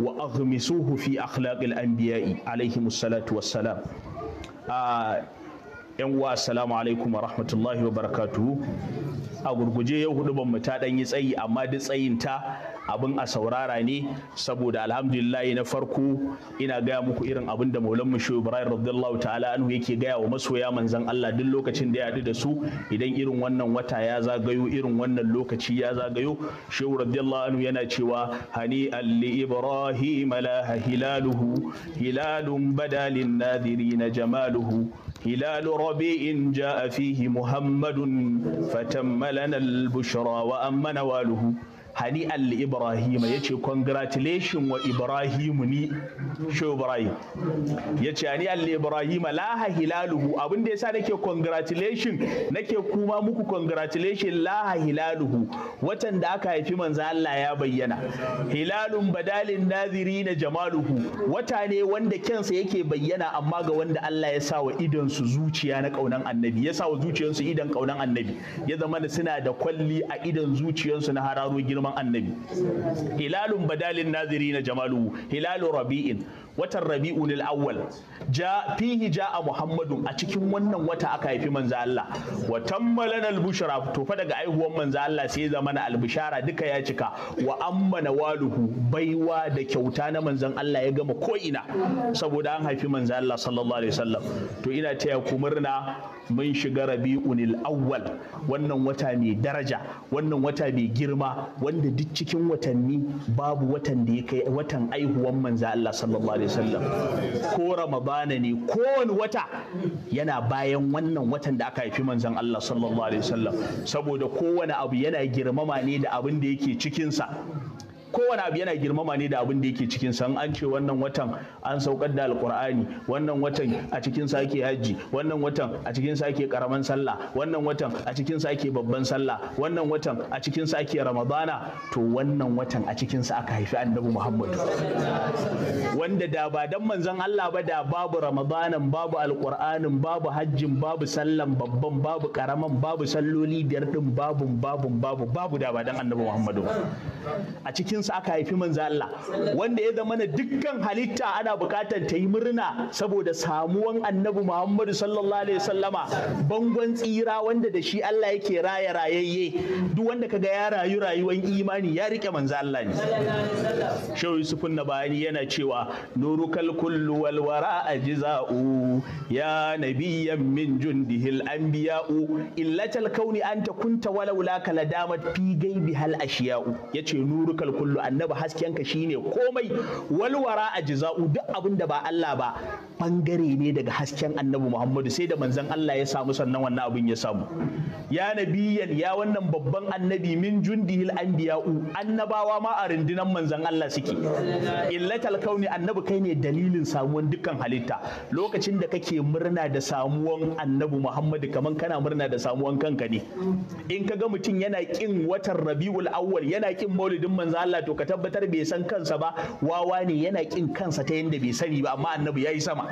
wa aghmisuhu fi akhlaqil anbiya'i alaihi musallatu wassalam ah, yan uwa assalamu alaikum wa rahmatullahi wa barakatuhu a gurguje yau hudu ban mu ta dan yi tsayi amma duk tsayin ta abin a saurara ne saboda alhamdulillahi na farko ina gaya muku irin abin da maulan mu shehu ibrahim radiyallahu ta'ala anhu yake gaya wa masoya manzon Allah duk lokacin da ya haɗu da su idan irin wannan wata ya zagayo irin wannan lokaci ya zagayo shehu radiyallahu anhu yana cewa hani alli ibrahim la hilaluhu hilalun badalin nadirin jamaluhu هلال ربيع جاء فيه محمد فتم لنا البشرى وأما نواله hani alli ibrahim ya ce congratulation wa Ibrahim ni shi ibrahim ya ce hani alli ibrahim laha hilaluhu abin da yasa nake congratulation nake kuma muku congratulation laha hilaluhu watan da aka haifi manzo Allah ya bayyana hilalun badalin naziri na jamaluhu wata ne wanda kensa yake bayyana amma ga wanda Allah ya sa wa idon su zuciya na kaunan annabi ya sa wa zuciyarsu idon kaunan annabi ya zama suna da kwalli a idon zuciyarsu na hararo girma kaman annabi hilalun badalin naziri na jamalu hilalun rabi'in watan rabi'ul awwal ja fihi ja'a muhammadun a cikin wannan wata aka haifi manzo Allah wa tammalana albushra to fa daga aihuwan manzo Allah sai zama na albushara duka ya cika wa ammana waluhu baiwa da kyauta na manzon Allah ya gama ko ina saboda an haifi manzo Allah sallallahu alaihi wasallam to ina taya ku murna mun shiga rabi'ul awwal wannan wata mai daraja wannan wata mai girma wanda duk cikin watanni babu watan da ya kai watan aihuwan manzo Allah sallallahu alaihi alaihi wasallam ko ramadana ne ko wani wata yana bayan wannan watan da aka haifi manzon Allah sallallahu alaihi wasallam saboda kowane abu yana girmama ne da abin da yake cikinsa kowane abu yana girmama ne da abin da yake cikin san an ce wannan watan an saukar da alkur'ani wannan watan a cikin sa ake hajji wannan watan a cikin sa ake karaman sallah wannan watan a cikin sa ake babban sallah wannan watan a cikin sa ake ramadana to wannan watan a cikin sa aka haifi annabi muhammadu wanda da ba dan manzon Allah ba da babu ramadanan babu alkur'anin babu hajjin babu sallan babban babu karaman babu salloli biyar din babun babun babu babu da ba dan annabi muhammadu a cikin sa aka haifi manzo Allah wanda ya zama na dukkan halitta ana bukatar ta yi murna saboda samuwan annabi Muhammadu sallallahu alaihi wasallama bangon tsira wanda da shi Allah yake raya rayayye duk wanda kaga ya rayu rayuwar imani ya rike manzo Allah ne Shehu Yusufun Nabani yana cewa nurukal kullu wal wara ajza'u ya nabiyyan min jundihil anbiya'u illatal kauni anta kunta walaula kala damat fi gaibi hal ashiya'u yace nurukal kullu kullu annabi haskenka shine komai walwara a jiza'u duk abin da ba Allah ba bangare ne daga hasken annabi Muhammadu sai da manzon Allah ya samu sannan wannan abin ya samu ya nabiyan ya wannan babban annabi min jundihil anbiya'u annabawa ma a rundunan manzon Allah suke illatal kauni annabi kai ne dalilin samuwan dukkan halitta lokacin da kake murna da samuwan annabi Muhammadu kaman kana murna da samuwan kanka ne in ka ga mutum yana kin watan Rabiul Awwal yana kin maulidin manzon Allah Allah to ka tabbatar bai san kansa ba wawa ne yana kin kansa ta yanda bai sani ba amma annabi yi sama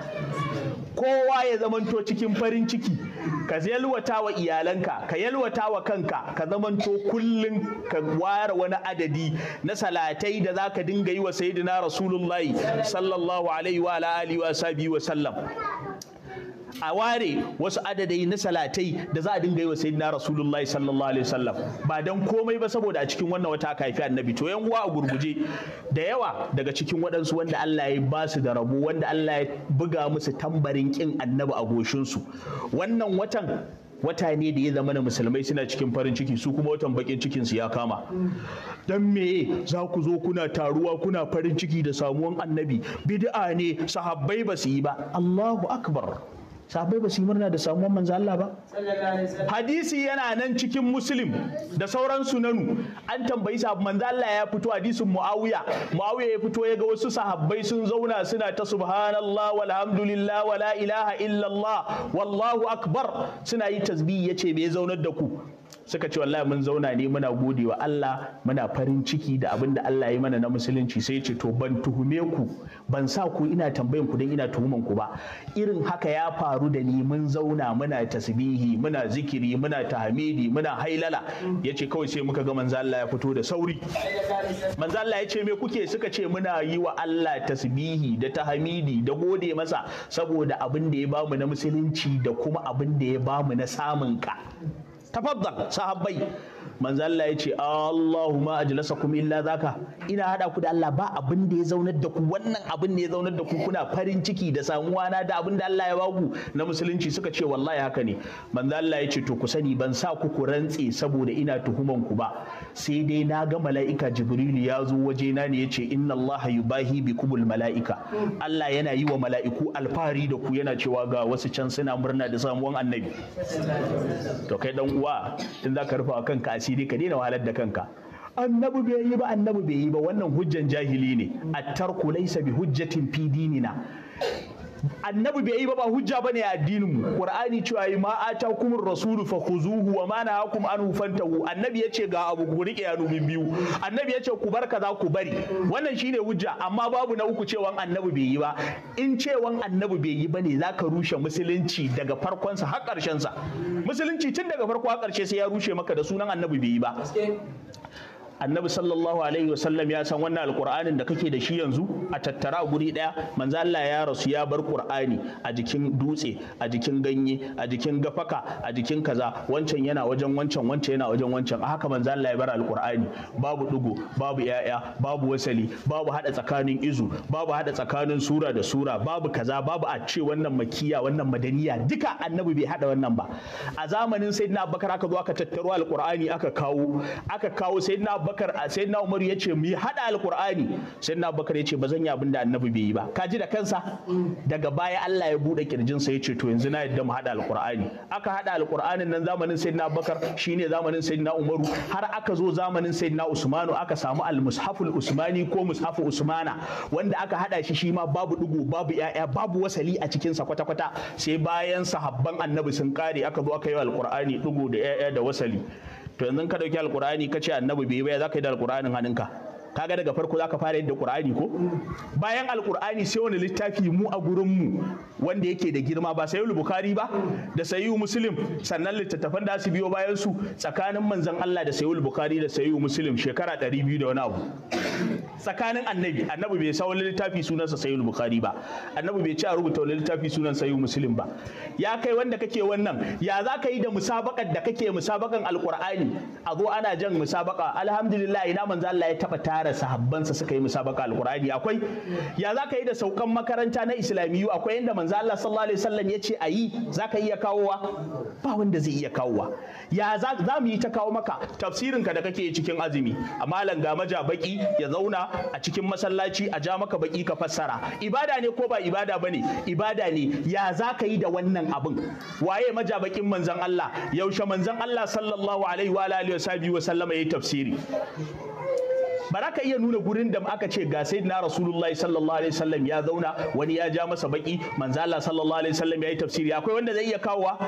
kowa ya zamanto cikin farin ciki ka yalwata wa iyalanka ka yalwata wa kanka ka zamanto kullum ka ware wani adadi na salatai da za ka dinga yi wa sayyidina rasulullahi sallallahu alaihi wa alihi wa sahbihi wa sallam a ware wasu adadai na salatai da za a dinga yi wa sayyidina rasulullahi sallallahu alaihi wasallam ba dan komai ba saboda a cikin wannan wata aka haifi annabi to yan uwa a gurguje da yawa daga cikin waɗansu wanda Allah ya ba su da rabo wanda Allah ya buga musu tambarin kin annabi a goshin su wannan watan wata ne da ya zama na musulmai suna cikin farin ciki su kuma watan bakin cikin su ya kama dan me za ku zo kuna taruwa kuna farin ciki da samuwan annabi bid'a ne sahabbai ba su yi ba Allahu akbar Sahabai ba su yi murna da samuwar manzalla ba hadisi yana nan cikin muslim da sauransu nanu an tambayi sahabu manzo Allah ya fito hadisin muawiya muawiya ya fito ya ga wasu sahabbai sun zauna suna ta subhanallah walhamdulillah wala ilaha illallah wallahu akbar suna yi tasbih yace me ya zaunar da ku suka ce wallahi mun zauna ne muna gode wa Allah muna farin ciki da abin da Allah ya mana na musulunci sai ce to ban tuhume ku ban sa ku ina tambayan ku dan ina tuhuman ku ba irin haka ya faru da ni mun zauna muna tasbihi muna zikiri muna tahmidi muna hailala yace kawai sai muka ga manzo Allah ya fito da sauri manzo Allah ya ce me kuke suka ce muna yi wa Allah tasbihi da tahmidi da gode masa saboda abin da ya bamu na musulunci da kuma abin da ya bamu na samun ka tafaddal sahabbai manzo Allah ya ce Allahumma ajlasakum illa zaka ina hada ku da Allah ba abin da ya zaunar da ku wannan abin ne ya zaunar da ku kuna farin ciki da samuwa na da abin da Allah ya baku na musulunci suka ce wallahi haka ne manzo Allah ya ce to ku sani ban sa ku ku rantse saboda ina tuhuman ku ba sai dai na ga mala'ika jibrilu ya zo waje na ne ce inna allaha yubahi bikumul mala'ika Allah yana yi wa mala'iku alfahari da ku yana cewa ga wasu can suna murna da samuwan annabi to kai dan uwa in zaka rufa kanka asiri ka daina wahalar da kanka annabi bai yi ba annabi bai yi ba wannan hujjan jahili ne at-tarku laysa bi hujjatin fi dinina annabi bai yi ba ba hujja bane a addinin mu qur'ani cewa yi ma atakumur rasulu khuzuhu wa ma nahakum anhu fantahu annabi yace ga abu ku rike yanu min biyu annabi yace ku bar kaza ku bari wannan shine hujja amma babu na uku cewan annabi bai yi ba in cewan annabi bai yi bane zaka rushe musulunci daga farkon sa har karshen sa musulunci tun daga farko har karshe sai ya rushe maka da sunan annabi bai yi ba annabi sallallahu alaihi wasallam ya san wannan alkuranin da kake da shi yanzu a tattara guri daya manzo Allah ya rasu ya bar qur'ani a jikin dutse a jikin ganye a jikin gafaka a jikin kaza wancan yana wajen wancan wancan yana wajen wancan a haka manzo Allah ya bar alkur'ani babu dugo babu yaya babu wasali babu hada tsakanin izu babu hada tsakanin sura da sura babu kaza babu a ce wannan makiya wannan madaniya duka annabi bai hada wannan ba a zamanin sayyidina abubakar aka zo aka tattaro alkur'ani aka kawo aka kawo sayyidina abubakar a na Umaru ya ce mu yi hada sai na abubakar ya ce ba zan yi abin da annabi bai yi ba Ka ji da kansa daga baya Allah ya buɗe kirjin sa ya ce to yanzu na yadda mu hada alkur'ani aka hada alqur'anin nan zamanin na abubakar shine zamanin na umaru har aka zo zamanin na usmanu aka samu almushaful usmani ko mushafu usmana wanda aka haɗa shi shi ma babu digo babu yaya babu wasali a cikin sa kwata-kwata sai bayan sahabban annabi sun kare aka zo aka yi alkur'ani digo da yaya da wasali to yanzu ka dauki alkur'ani ka ce annabi bai ba za ka yi da alkur'anin hannunka kaga daga farko zaka fara yadda qur'ani ko bayan alqur'ani sai wani littafi mu a gurin mu wanda yake da girma ba sayyid bukhari ba da sai muslim sannan littattafan da su biyo bayan su tsakanin manzon Allah da sayyid bukhari da sai muslim shekara 200 da wani abu tsakanin annabi annabi bai sa wani littafi sunansa sayyid bukhari ba annabi bai ci a rubuta wani littafi sunan sai muslim ba ya kai wanda kake wannan ya za ka yi da musabakar da kake musabakan alqur'ani a zo ana jan musabaka alhamdulillah ina manzon Allah ya taba tara tara sahabbansa suka yi musabaka alkurani akwai ya za ka yi da saukan makaranta na islamiyu akwai yadda manzo Allah sallallahu alaihi wasallam ya ce ayi ka iya kawowa ba wanda zai iya kawowa ya za mu yi ta kawo maka tafsirin ka da kake cikin azumi amma langa maja baki ya zauna a cikin masallaci a ja maka baki ka fassara ibada ne ko ba ibada bane ibada ne ya za ka yi da wannan abin waye maja bakin manzon Allah yaushe manzon Allah sallallahu alaihi wa alihi wa sallama yi tafsiri ba za ka iya nuna gurin da aka ce ga na rasulullahi sallallahu alaihi wasallam ya zauna wani ya ja masa baki Manzala Allah sallallahu alaihi wasallam ya yi tafsiri akwai wanda zai iya kawowa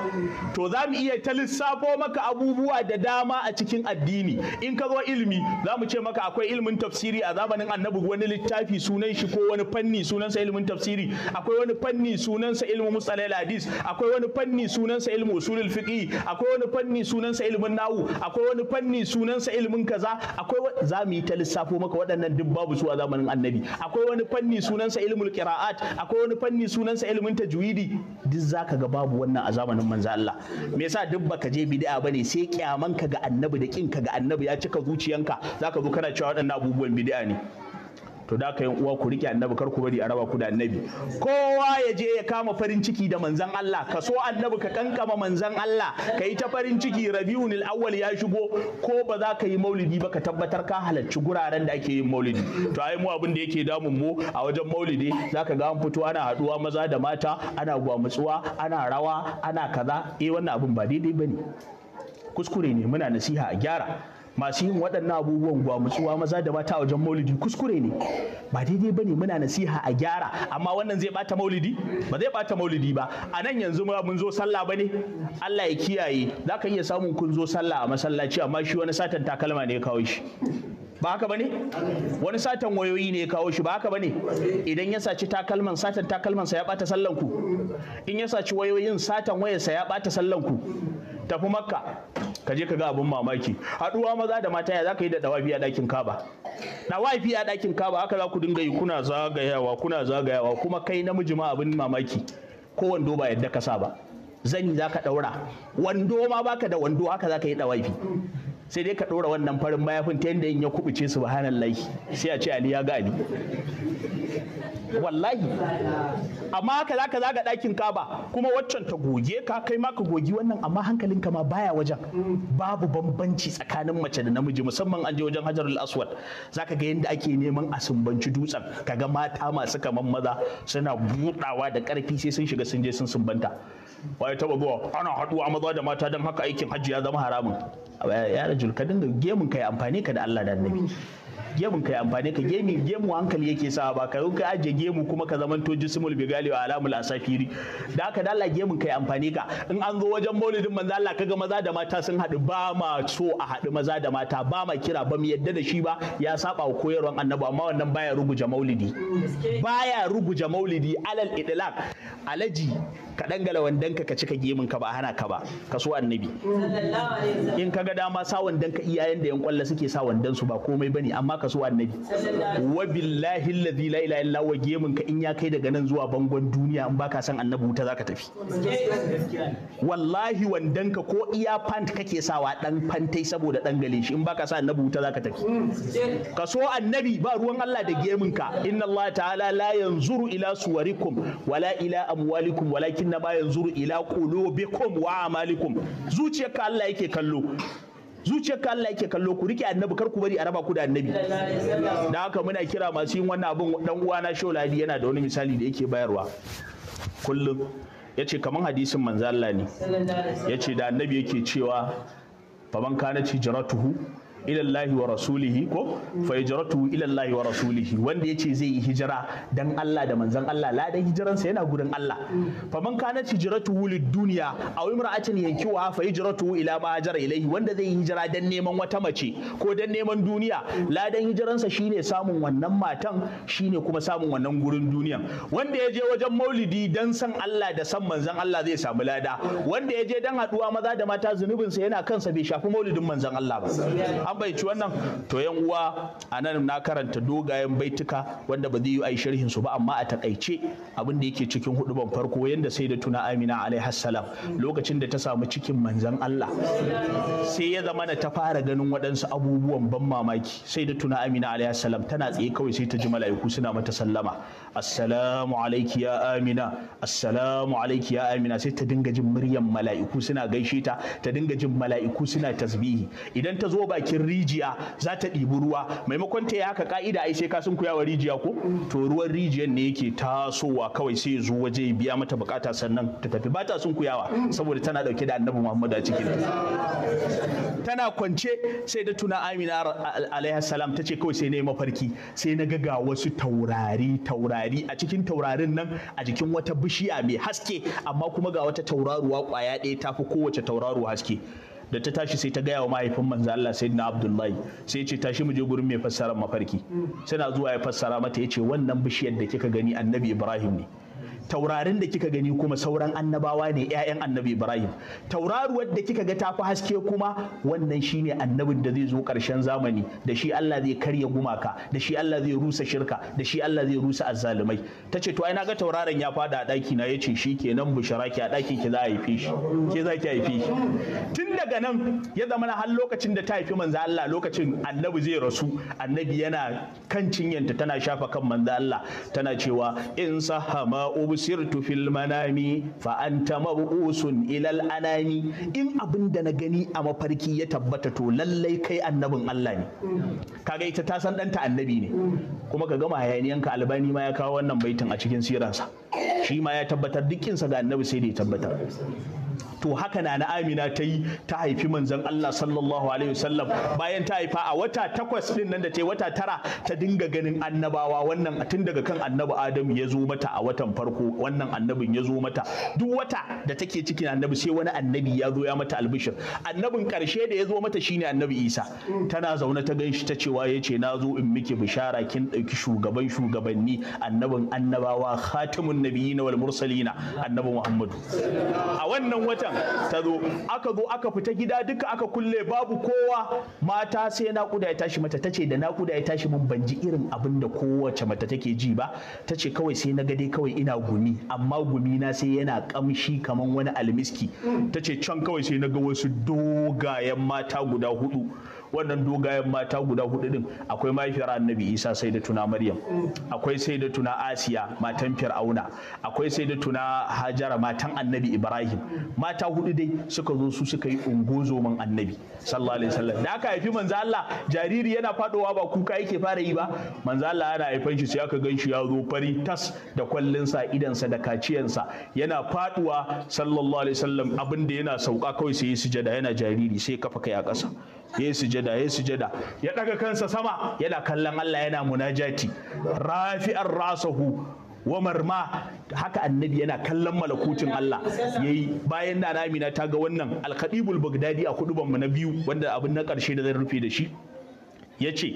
to za mu iya ta lissafo maka abubuwa da dama a cikin addini in ka zo ilimi za mu ce maka akwai ilimin tafsiri a zamanin annabi wani littafi sunan shi ko wani fanni sunansa ilimin tafsiri akwai wani fanni sunansa ilimin musalal hadis akwai wani fanni sunansa ilimin usulul fiqh akwai wani fanni sunansa ilimin nawu akwai wani fanni sunansa ilimin kaza akwai za mu yi ta lissafo maka waɗannan duk babu su a zamanin annabi akwai wani fanni sunansa ilmul qira'at akwai wani fanni sunansa ilmin tajwidi duk zaka ga babu wannan a zamanin manzo Allah me yasa duk baka je bid'a bane sai kyaman ka ga annabi da kin ka ga annabi ya cika zuciyanka zaka zo kana cewa waɗannan abubuwan bid'a ne to da yi uwa ku riƙe annabi kar ku bari a raba ku da annabi kowa ya je ya kama farin ciki da manzan Allah ka so annabi ka kankama manzan Allah ka yi ta farin ciki nil awwal ya shigo ko ba za ka yi maulidi ba ka tabbatar ka halarci guraren da ake yin maulidi to ai mu abin da yake damun mu a wajen maulidi za ka ga an fito ana haduwa maza da mata ana gwamutsuwa ana rawa ana kaza eh wannan abin ba daidai bane kuskure ne muna nasiha a gyara masu yin waɗannan abubuwan gwamutsuwa maza da mata a wajen maulidi kuskure ne ba daidai ba ne muna nasiha a gyara amma wannan zai bata maulidi ba zai bata maulidi ba a nan yanzu mun zo sallah ba ne? Allah ya kiyaye za ka iya samun kun zo sallah a masallaci amma shi wani satan takalma ne ya kawo shi ba haka bane wani satan wayoyi ne ya kawo shi ba haka bane idan ya saci takalman satan takalman sa ya bata sallan ku in ya saci wayoyin satan wayarsa ya bata sallan ku tafi makka ka je ka ga abin mamaki haɗuwa maza da mata ya za ka yi da dawafi a ɗakin kaba dawafi a ɗakin kaba haka za ku dinga yi kuna zagayawa kuna zagayawa kuma kai namiji ma abin mamaki ko wando ba yadda ka sa ba zani za ka ɗaura wando ma baka da wando haka za ka yi dawafi sai dai ka ɗora wannan farin mayafin ta yadda in ya kubuce su subhanallahi sai a ce ali ya gani wallahi amma haka ka zaga ɗakin kaba kuma waccan ta goge ka kai ma ka gogi wannan amma hankalinka ma baya wajen babu bambanci tsakanin mace da namiji musamman an je wajen hajarul aswad zaka ga yadda ake neman a sumbanci dutsen ga mata masu kamar maza suna buɗawa da ƙarfi sai sun shiga sun je sun sumbanta wa ya taba zuwa ana haduwa maza da mata don haka aikin hajji ya zama haramun ya rajul ka dinga gemun ka yi amfani ka da Allah da annabi gemun kai amfani ka gemi gemu hankali yake sa ba ka ka aje gemu kuma ka zaman to jismul bigali wa alamul asafiri da haka da Allah gemun kai amfani ka in an zo wajen maulidin manzo Allah kaga maza da mata sun haɗu ba ma so a haɗu maza da mata ba ma kira ba mu yadda da shi ba ya saba wa koyarwar annabi amma wannan baya ruguja maulidi baya ruguja maulidi alal idlaq alaji ka dangala wandanka ka cika gemun ka ba hana ka ba ka so annabi in kaga dama sa wandanka iyayen da yan kwalla suke sa wandan su ba komai bane amma ka so annabi wa billahi alladhi la ilaha illa huwa gemun ka in ya kai daga nan zuwa bangon duniya in baka san annabi wuta zaka tafi wallahi wandan ka ko iya pant kake sawa dan pantai saboda dan gale shi in baka san annabi wuta zaka tafi ka so annabi ba ruwan Allah da gemun ka inna Allah ta'ala la yanzuru ila suwarikum wala ila amwalikum walakin ma yanzuru ila qulubikum wa amalikum zuciyarka Allah yake kallo zuciyarka Allah yake kallo ku rike annabi kar ku bari a raba ku da annabi da haka muna kira masu yin wannan abin dan uwana Shauladi yana da wani misali da yake bayarwa kullum yace kaman hadisin manzo Allah ne yace da annabi yake cewa faman kana ci tuhu. ilallahi wa rasulihi ko fa hijratu ilallahi wa rasulihi wanda yace zai yi hijira dan Allah da manzon Allah ladan hijiransa yana gurin Allah fa man kana hijratu lid dunya aw imra'atin yankiwa fa hijratu ila ma hajara ilaihi wanda zai yi hijira dan neman wata mace ko dan neman duniya ladan hijiransa shine samun wannan matan shine kuma samun wannan gurin duniyan wanda ya je wajen maulidi dan san Allah da san manzon Allah zai samu lada wanda ya je dan haduwa maza da mata zunubinsa yana kansa bai shafi maulidin manzon Allah ba an ci wannan to yan uwa a nan na karanta dogayen baituka wanda ba zai yi ai sharhin su ba amma a takaice abin da yake cikin huduban farko yanda sai da tuna Amina alaihi salam lokacin da ta samu cikin manzan Allah sai ya zama na ta fara ganin waɗansu abubuwan ban mamaki sai da tuna Amina alaihi salam tana tsaye kawai sai ta ji mala'iku suna mata sallama assalamu alaiki ya amina assalamu alaiki ya amina sai ta dinga jin muryan mala'iku suna gaishe ta ta dinga jin mala'iku suna tasbihi idan ta zo bakin rijiya za ta ɗibi ruwa maimakon ta yi haka ka'ida ai sai ka sun kuyawa rijiya ko to ruwan rijiyan ne yake tasowa kawai sai ya zo waje ya biya mata bukata sannan ta tafi ba ta sun kuyawa saboda tana dauke da annabi Muhammad a cikin tana kwance sai da tuna Amina alaihi salam ce kawai sai na yi mafarki sai na ga ga wasu taurari taurari taurari a cikin taurarin nan a jikin wata bishiya mai haske amma kuma ga wata tauraruwa kwaya ɗaya ta fi kowace tauraruwa haske da ta tashi sai ta gaya wa mahaifin manzo Allah sayyidina Abdullahi sai ce tashi mu je gurin mai fassara mafarki sai na zuwa ya fassara mata yace wannan bishiyar da kika gani annabi Ibrahim ne taurarin da kika gani kuma sauran annabawa ne 'ya'yan annabi ibrahim tauraruwar da kika ga ta fi haske kuma wannan shine annabin da zai zo ƙarshen zamani da shi allah zai karya gumaka da shi allah zai rusa shirka da shi allah zai rusa azzalumai ta ce to ai ga tauraron ya fada a ɗaki na ya ce shi kenan bushara ki a ki za a haife shi ke za ki haife shi tun daga nan ya zama na har lokacin da ta haifi manzo allah lokacin annabi zai rasu annabi yana kan cinyanta tana shafa kan manzo allah tana cewa in sahama busirtu fil manami fa anta mabusun ilal anami in abin da na gani a mafarki ya tabbata to lallai kai annabin Allah ne kaga ita ta san ɗanta annabi ne kuma ka gama hayaniyanka albani ma ya kawo wannan baitin a cikin siransa shi ma ya tabbatar dukkinsa ga annabi sai da ya tabbatar to haka na na amina ta yi ta haifi manzon Allah sallallahu alaihi wasallam bayan ta haifa a wata takwas din nan da ta yi wata tara ta dinga ganin annabawa wannan tun daga kan annabi Adamu ya zo mata a watan farko wannan annabin ya zo mata duk wata da take cikin annabi sai wani annabi ya zo ya mata albishir annabin karshe da ya zo mata shine annabi Isa tana zaune ta ganshi ta cewa ya ce na zo in miki bishara kin ɗauki shugaban shugabanni annabin annabawa khatimun nabiyina wal mursalina annabi Muhammadu a wannan wata can ta zo aka zo aka fita gida duka aka kulle babu kowa mata sai naƙuda ya tashi mata tace da naƙuda ya tashi mun ban ji irin abin da kowace mata take ji ba tace kawai sai na ga dai kawai ina gumi amma gumi na sai yana kamshi kaman wani almiski tace can kawai sai na ga wasu dogayen mata guda hudu wannan dogayen mata guda hudu din akwai mahaifiyar annabi isa sai da tuna maryam akwai sai da tuna asiya matan fir'auna akwai sai da tuna hajara matan annabi ibrahim mata hudu dai suka zo su suka yi man annabi sallallahu alaihi wasallam da aka haifi manzo Allah jariri yana fadowa ba kuka yake fara yi ba manzo Allah yana haifan shi sai aka ganshi ya zo fari tas da kwallinsa sa da kaciyansa yana faduwa sallallahu alaihi wasallam abin da yana sauka kawai sai ya sujada yana jariri sai kafa kai a ƙasa ya sujada ya sujada ya daga kansa sama yana kallon Allah yana munajati rafi'ar rasahu wa marma haka annabi yana kallon malakutin Allah yayi bayan da Amina ta ga wannan al bagdadi a kuduban mu na biyu wanda abin na karshe da zai rufe da shi ya ce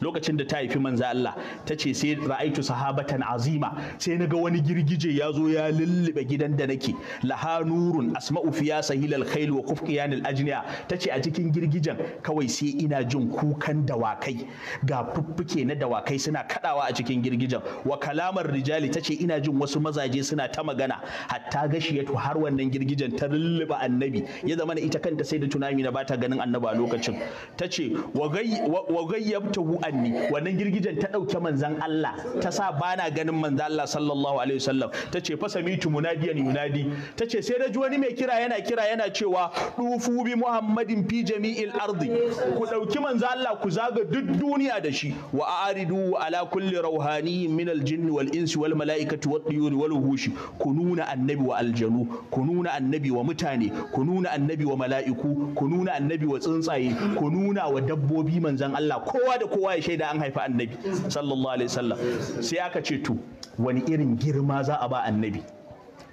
lokacin da ta haifi manza Allah ta ce sai ra'aitu sahabatan azima sai na ga wani girgije ya zo ya lullube gidan da nake laha nurun asma'u fiya sahilal khayl wa kufqiyan al ajniya ta ce a cikin girgijen kawai sai ina jin kukan dawakai ga fuffuke na dawakai suna kadawa a cikin girgijen wa kalamar rijali ta ce ina jin wasu mazaje suna ta magana hatta gashi gashiyatu har wannan girgijen ta lullube annabi ya zama ita kanta sai da tunani na bata ganin annaba lokacin ta ce wa yabtahu anni wannan girgijen ta dauke manzan Allah ta sa bana ganin manzan Allah sallallahu alaihi wasallam ta ce fasamitu munadiyan yunadi ta ce sai na ji wani mai kira yana kira yana cewa dufu bi muhammadin fi jami'il ardi ku dauki manzan Allah ku zaga duk duniya da shi wa aridu ala kulli rauhaniyin min aljinni wal insi wal mala'ikati wat tuyuri wal wuhushi ku nuna annabi wa aljanu ku nuna annabi wa mutane ku nuna annabi wa mala'iku ku nuna annabi wa tsuntsaye ku nuna wa dabbobi manzan Allah kowa da kowa ya shaida an haifi annabi sallallahu alaihi wasallam sai aka ce to wani irin girma za a ba annabi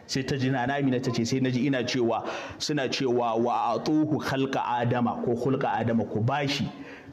sai ta ji na amina ta ce sai na ji ina cewa suna cewa wa atuhu khalqa adama ko khulqa adama ko bashi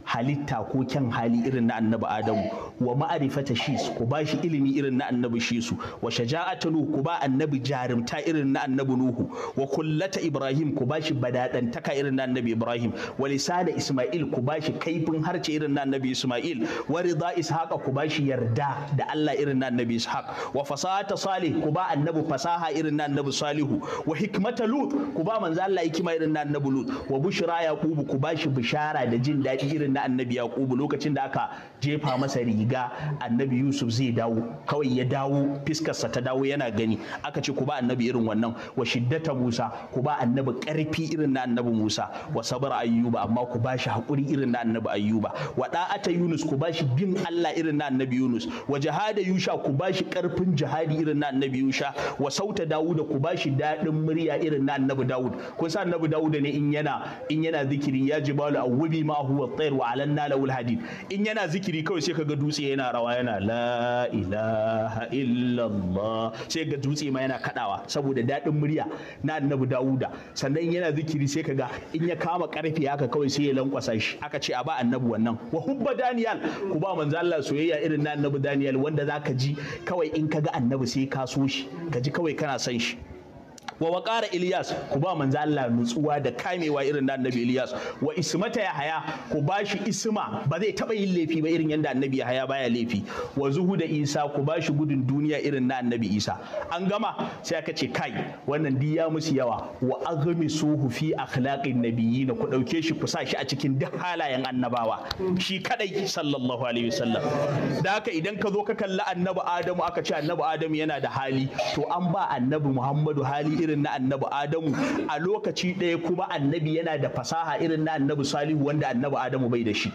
halitta ko kyan hali irin na annabi adamu wa ma'arifata shis ku ba shi ilimi irin na annabi shisu wa shaja'ata nuhu ku ba annabi jarumta irin na annabi nuhu wa kullata ibrahim ku ba shi badadantaka irin na annabi ibrahim wa lisana isma'il ku ba shi kaifin harce irin na annabi isma'il wa rida ishaqa ku ba shi yarda da Allah irin na annabi ishaq wa fasahata salih ku ba annabi fasaha irin na annabi salihu wa hikmata lut ku ba manzo Allah hikima irin na annabi lut wa bushra yaqub ku ba shi bishara da jin daɗi irin na annabi yaqubu lokacin da aka jefa masa riga annabi yusuf zai dawo kawai ya dawo fiskarsa ta dawo yana gani aka ce ku ba annabi irin wannan wa shiddata musa ku ba annabi karfi irin na annabi musa wa sabar ayyuba amma ku ba shi hakuri irin na annabi ayyuba wa da'ata yunus ku ba shi bin allah irin na annabi yunus wa jihada yusha ku ba shi karfin jihadi irin na annabi yusha wa sauta dawuda ku ba shi daɗin murya irin na annabi dawud kun sa annabi dawuda ne in yana in yana zikiri ya jibalu awwabi ma huwa tayr wa alanna lahul hadid in yana zikiri kawai sai kaga dutse yana rawa yana la ilaha illallah sai ga dutse ma yana kadawa saboda dadin murya na annabi Dawuda sannan yana zikiri sai kaga in ya kama karfe haka kawai sai ya lankwasa shi aka ce a ba annabi wannan wa hubba Daniel ku ba manzo Allah soyayya irin na annabi Daniel wanda zaka ji kawai in kaga annabi sai ka so shi ka ji kawai kana son shi wa waƙara iliyas ku ba manzo Allah nutsuwa da kamewa irin da annabi Ilyas wa ismata ya haya ku ba shi isma ba zai taba yin laifi ba irin yadda annabi ya haya baya laifi wa zuhu da Isa ku ba shi gudun duniya irin na annabi Isa an gama sai aka ce kai wannan di ya musu yawa wa agami suhu fi akhlaqin nabiyyin ku dauke shi ku sa shi a cikin duk halayen annabawa shi kadai sallallahu alaihi wasallam da haka idan ka zo ka kalli annabi Adamu aka ce annabi Adamu yana da hali to an ba annabi Muhammadu hali irin irin na annabi Adamu a lokaci ɗaya kuma annabi yana da fasaha irin na annabi Salihu wanda annabi Adamu bai da shi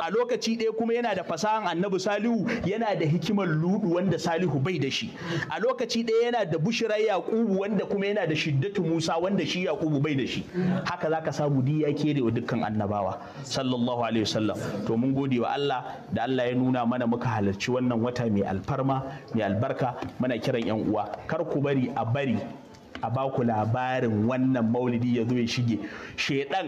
a lokaci ɗaya kuma yana da fasahan annabi Salihu yana da hikimar ludu wanda Salihu bai da shi a lokaci ɗaya yana da bushirar Yakubu wanda kuma yana da shiddatu Musa wanda shi Yakubu bai da shi haka zaka samu di kere wa dukkan annabawa sallallahu alaihi wasallam to mun gode wa Allah da Allah ya nuna mana muka halarci wannan wata mai alfarma mai albarka muna kiran yan uwa kar ku bari a bari a baku labarin wannan maulidi ya zo ya shige shedan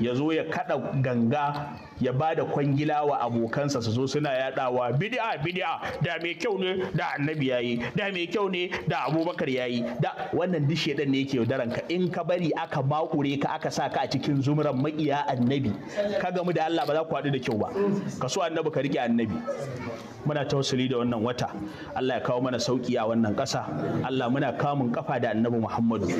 ya zo ya kada ganga ya ba da kwangila wa abokansa su zo suna yadawa bid'a bid'a da mai kyau ne da annabi yayi da mai kyau ne da abubakar yayi da wannan duk shedan ne yake yaudaran ka in ka bari aka makure ka aka sa ka a cikin zumuran ma'iya annabi ka gamu da Allah ba za ku haɗu da kyau ba ka so annabi ka rike annabi muna tausali da wannan wata Allah ya kawo mana sauki a wannan ƙasa Allah muna kamun kafa da annabi Muhammadu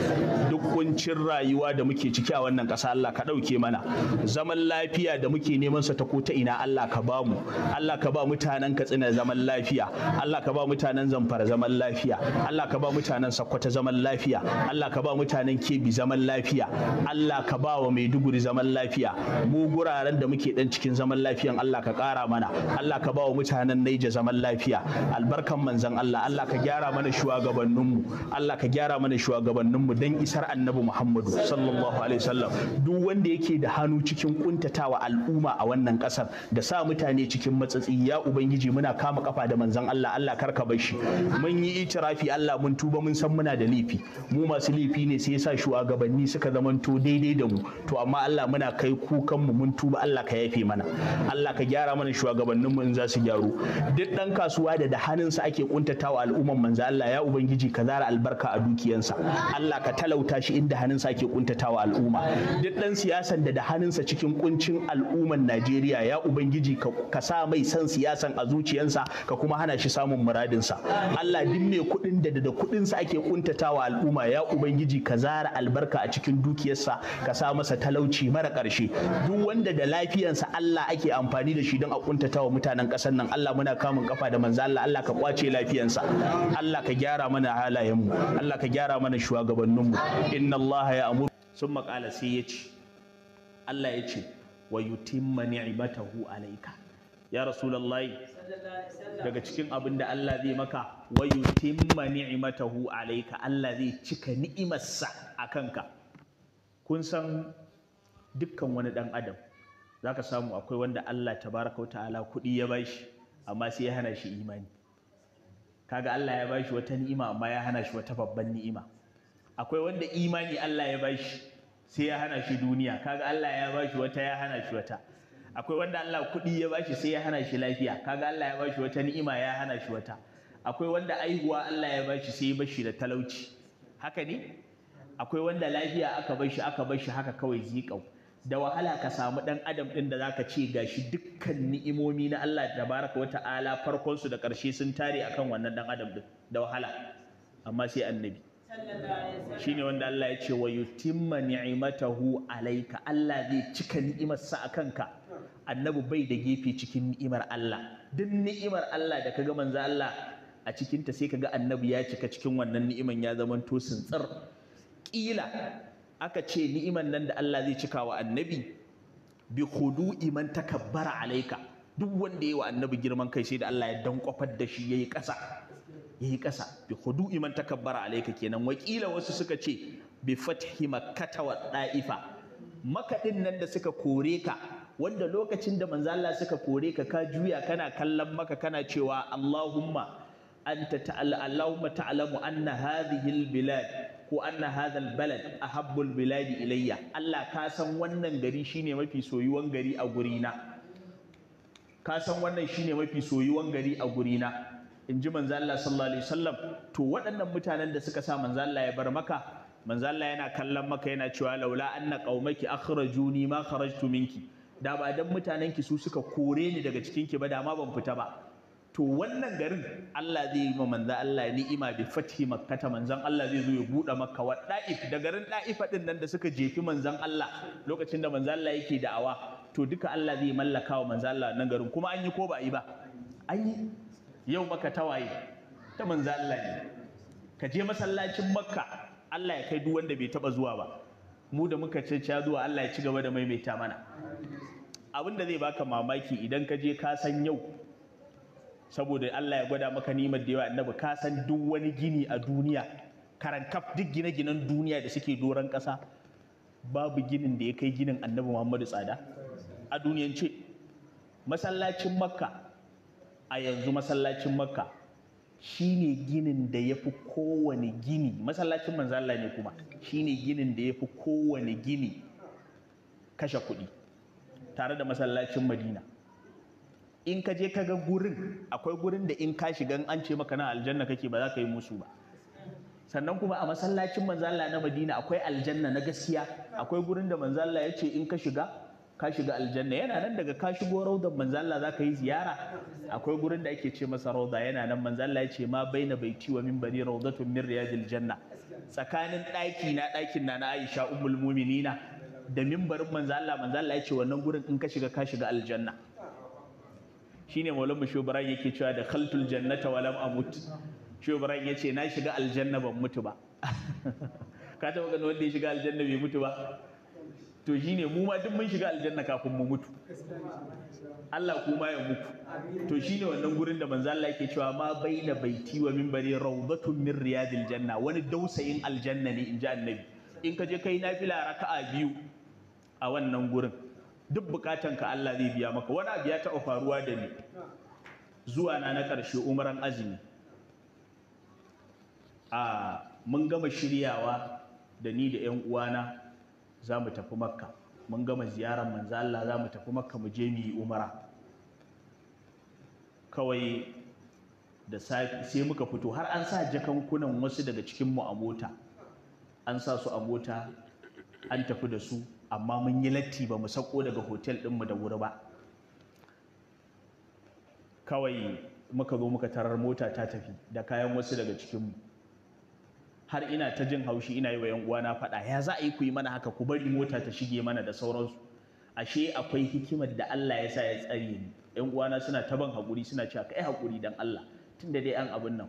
duk kuncin rayuwa da muke ciki a wannan ƙasa Allah ka ɗauke mana zaman lafiya da muke nema neman ta ko ta ina Allah ka ba mu Allah ka ba mutanen Katsina zaman lafiya Allah ka ba mutanen Zamfara zaman lafiya Allah ka ba mutanen Sokoto zaman lafiya Allah ka ba mutanen Kebbi zaman lafiya Allah ka ba wa Maiduguri zaman lafiya mu guraren da muke dan cikin zaman lafiyan Allah ka kara mana Allah ka ba wa mutanen Naija zaman lafiya albarkan manzon Allah Allah ka gyara mana shugabanninmu Allah ka gyara mana shugabanninmu dan isar annabi Muhammadu sallallahu alaihi wasallam duk wanda yake da hannu cikin kuntatawa al'umma a wannan ƙasar da sa mutane cikin matsatsi ya ubangiji muna kama kafa da manzon Allah Allah ka bar shi mun yi itirafi Allah mun tuba mun san muna da laifi mu masu laifi ne sai yasa shugabanni suka zamanto daidai da mu to amma Allah muna kai kukan mu mun tuba Allah ka yafe mana Allah ka gyara mana shugabannin mu in za su gyaru duk dan kasuwa da da hannunsa ake kuntatawa al'umman manzo Allah ya ubangiji ka zara albarka a dukiyansa Allah ka talauta shi inda hannunsa ake kuntatawa al'umma duk dan siyasan da da hannunsa cikin kuncin al'umman al'umman Najeriya ya ubangiji ka sa mai san siyasan a zuciyarsa ka kuma hana shi samun muradinsa Allah duk mai kuɗin da da kuɗinsa ake kuntatawa al'umma ya ubangiji ka zara albarka a cikin dukiyarsa ka sa masa talauci mara ƙarshe duk wanda da lafiyansa Allah ake amfani da shi don a kuntatawa mutanen ƙasar nan Allah muna kamun kafa da manzo Allah Allah ka kwace lafiyansa Allah ka gyara mana halayenmu Allah ka gyara mana shugabanninmu inna Allah ya amuru sun maƙala sai ya ce Allah ya ce wa yutimma ni'matahu alayka ya rasulullahi daga cikin abin da Allah zai maka wa yutimma ni'matahu alayka Allah zai cika ni'imarsa akan ka kun san dukkan wani dan adam zaka samu akwai wanda Allah tabaraka wa ta'ala kuɗi ya bashi amma sai ya hana shi imani kaga Allah ya bashi wata ni'ima amma ya hana shi wata babban ni'ima akwai wanda imani Allah ya bashi sai ya hana shi duniya kaga Allah ya bashi wata ya hana shi wata akwai wanda Allah kuɗi ya bashi sai ya hana shi lafiya kaga Allah ya bashi wata ni'ima ya hana shi wata akwai wanda aihuwa Allah ya bashi sai ya bashi da talauci haka ne akwai wanda lafiya aka bashi aka shi haka kawai zikau da wahala ka samu dan adam din da zaka ce gashi dukkan ni'imomi na Allah tabaraka wa ta'ala farkon su da karshe sun tare akan wannan dan adam din da wahala amma sai annabi sallallahu shine wanda Allah ya ce wa yutimma ni'imatahu alaika Allah zai cika ni'imarsa a kanka annabi bai da gefe cikin ni'imar Allah duk ni'imar Allah da kaga manzo Allah a cikinta sai kaga annabi ya cika cikin wannan ni'iman ya zama to tsintsar kila aka ce ni'iman nan da Allah zai cika wa annabi bi khudu iman takabbara alaika duk wanda yi wa annabi girman kai sai da Allah ya dan kwafar da shi yayi ƙasa Yi ƙasa bi hudu iman takabbara alaika kenan wakila wasu suka ce bi fathi makkata wa da'ifa makaɗin nan da suka kore ka wanda lokacin da manzo Allah suka kore ka ka juya kana kallon maka kana cewa Allahumma anta ta'ala Allahumma ta'lamu anna hadhihi bilad ko anna hadha albalad ahabbu biladi ilayya Allah ka san wannan gari shine wannan shine mafi soyuwan gari a gurina in ji manzo Allah sallallahu alaihi wasallam to waɗannan mutanen da suka sa manzo Allah ya bar maka manzo Allah yana kallon maka yana cewa laula anna qaumaki akhrajuni ma kharajtu minki da ba dan mutanen ki su suka kore ni daga cikin ki ba da ma ban fita ba to wannan garin Allah zai yi ma manzo Allah ni'ima bi fathi makkata manzon Allah zai zo ya buɗe maka, wa da'if da garin da'ifa din nan da suka jefi Manzan Allah lokacin da manzon Allah yake da'awa to duka Allah zai mallaka wa Manzala Allah nan garin kuma an yi ko ba yi ba an yi yau maka tawaye ta manzo Allah ne ka je masallacin makka Allah ya kai duk wanda bai taba zuwa ba mu da muka ce zuwa Allah ya ci gaba da maimaita mana abin da zai baka mamaki idan ka je ka san yau saboda Allah ya gwada maka nimar da yawa annabi ka san duk wani gini a duniya kaf duk gine-ginen duniya da suke doron kasa babu ginin da ya kai ginin annabi Muhammadu tsada a duniyance masallacin makka a yanzu masallacin makka shi ne ginin da ya fi kowane gini masallacin manzala ne kuma shi ne ginin da ya fi kowane gini kashe kuɗi tare da masallacin madina in ka je ka ga gurin akwai gurin da in ka shiga an ce maka na aljanna kake ba za ka yi musu ba sannan kuma a masallacin manzala na madina akwai aljanna na gaskiya akwai gurin da manzala ya ce in ka shiga ka shiga aljanna yana nan daga ka shigo raudan manzo Allah zaka yi ziyara akwai gurin da ake ce masa rauda yana nan manzo Allah ya ce ma baina baiti wa minbari raudatun min riyadil janna tsakanin daki na ɗakin na na Aisha ummul mu'minina da minbarin manzo Allah manzo Allah ya ce wannan gurin in ka shiga ka shiga aljanna shine maulan shubran yake cewa da khaltul jannata wa lam amut shubran yace na shiga aljanna ban mutu ba ka taɓa ganin wanda ya shiga aljanna bai mutu ba to shine mu ma duk mun shiga aljanna kafin mu mutu Allah kuma ya muku to shine wannan gurin da manzo Allah yake cewa ma baina baiti wa minbari rawdatun min riyadil janna wani dausayin aljanna ne in ji annabi in ka je kai nafila raka'a biyu a wannan gurin duk bukatan ka Allah zai biya maka wani abu ya taɓa faruwa da ni zuwa na na ƙarshe umaran azumi a ah, mun gama shiryawa da ni da 'yan uwana za mu tafi makka mun gama ziyarar manzo Allah za mu tafi makka mu je mu yi umara kawai da sai muka fito har an sa jakankunan wasu daga cikinmu a mota an sa su a mota an tafi da su amma mun yi latti ba mu sako daga hotel mu da wuri ba kawai muka zo muka tarar mota ta tafi da kayan wasu daga cikinmu har ina ta jin haushi ina yi wa 'yan uwana faɗa ya za a yi ku yi mana haka ku bari mota ta shige mana da sauransu ashe akwai hikimar da Allah ya sa ya tsare ni 'yan uwana suna ta ban haƙuri suna cewa kai haƙuri dan Allah tunda dai an abun nan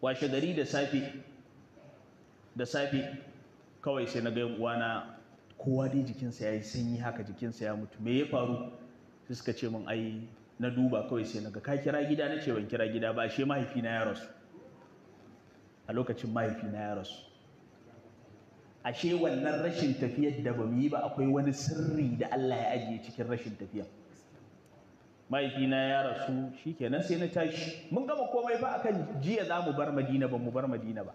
washe gari da safe da safe kawai sai na ga 'yan uwana kowa dai jikinsa ya yi sanyi haka jikinsa ya mutu me ya faru sai suka ce min ai na duba kawai sai na ga ka kira gida na ce ban kira gida ba ashe mahaifina ya rasu a lokacin mahaifina ya rasu ashe wannan rashin tafiyar da ba yi ba akwai wani sirri da Allah ya ajiye cikin rashin tafiya mahaifina ya rasu shikenan sai na tashi mun gama komai ba akan jiya za mu bar madina ba mu bar madina ba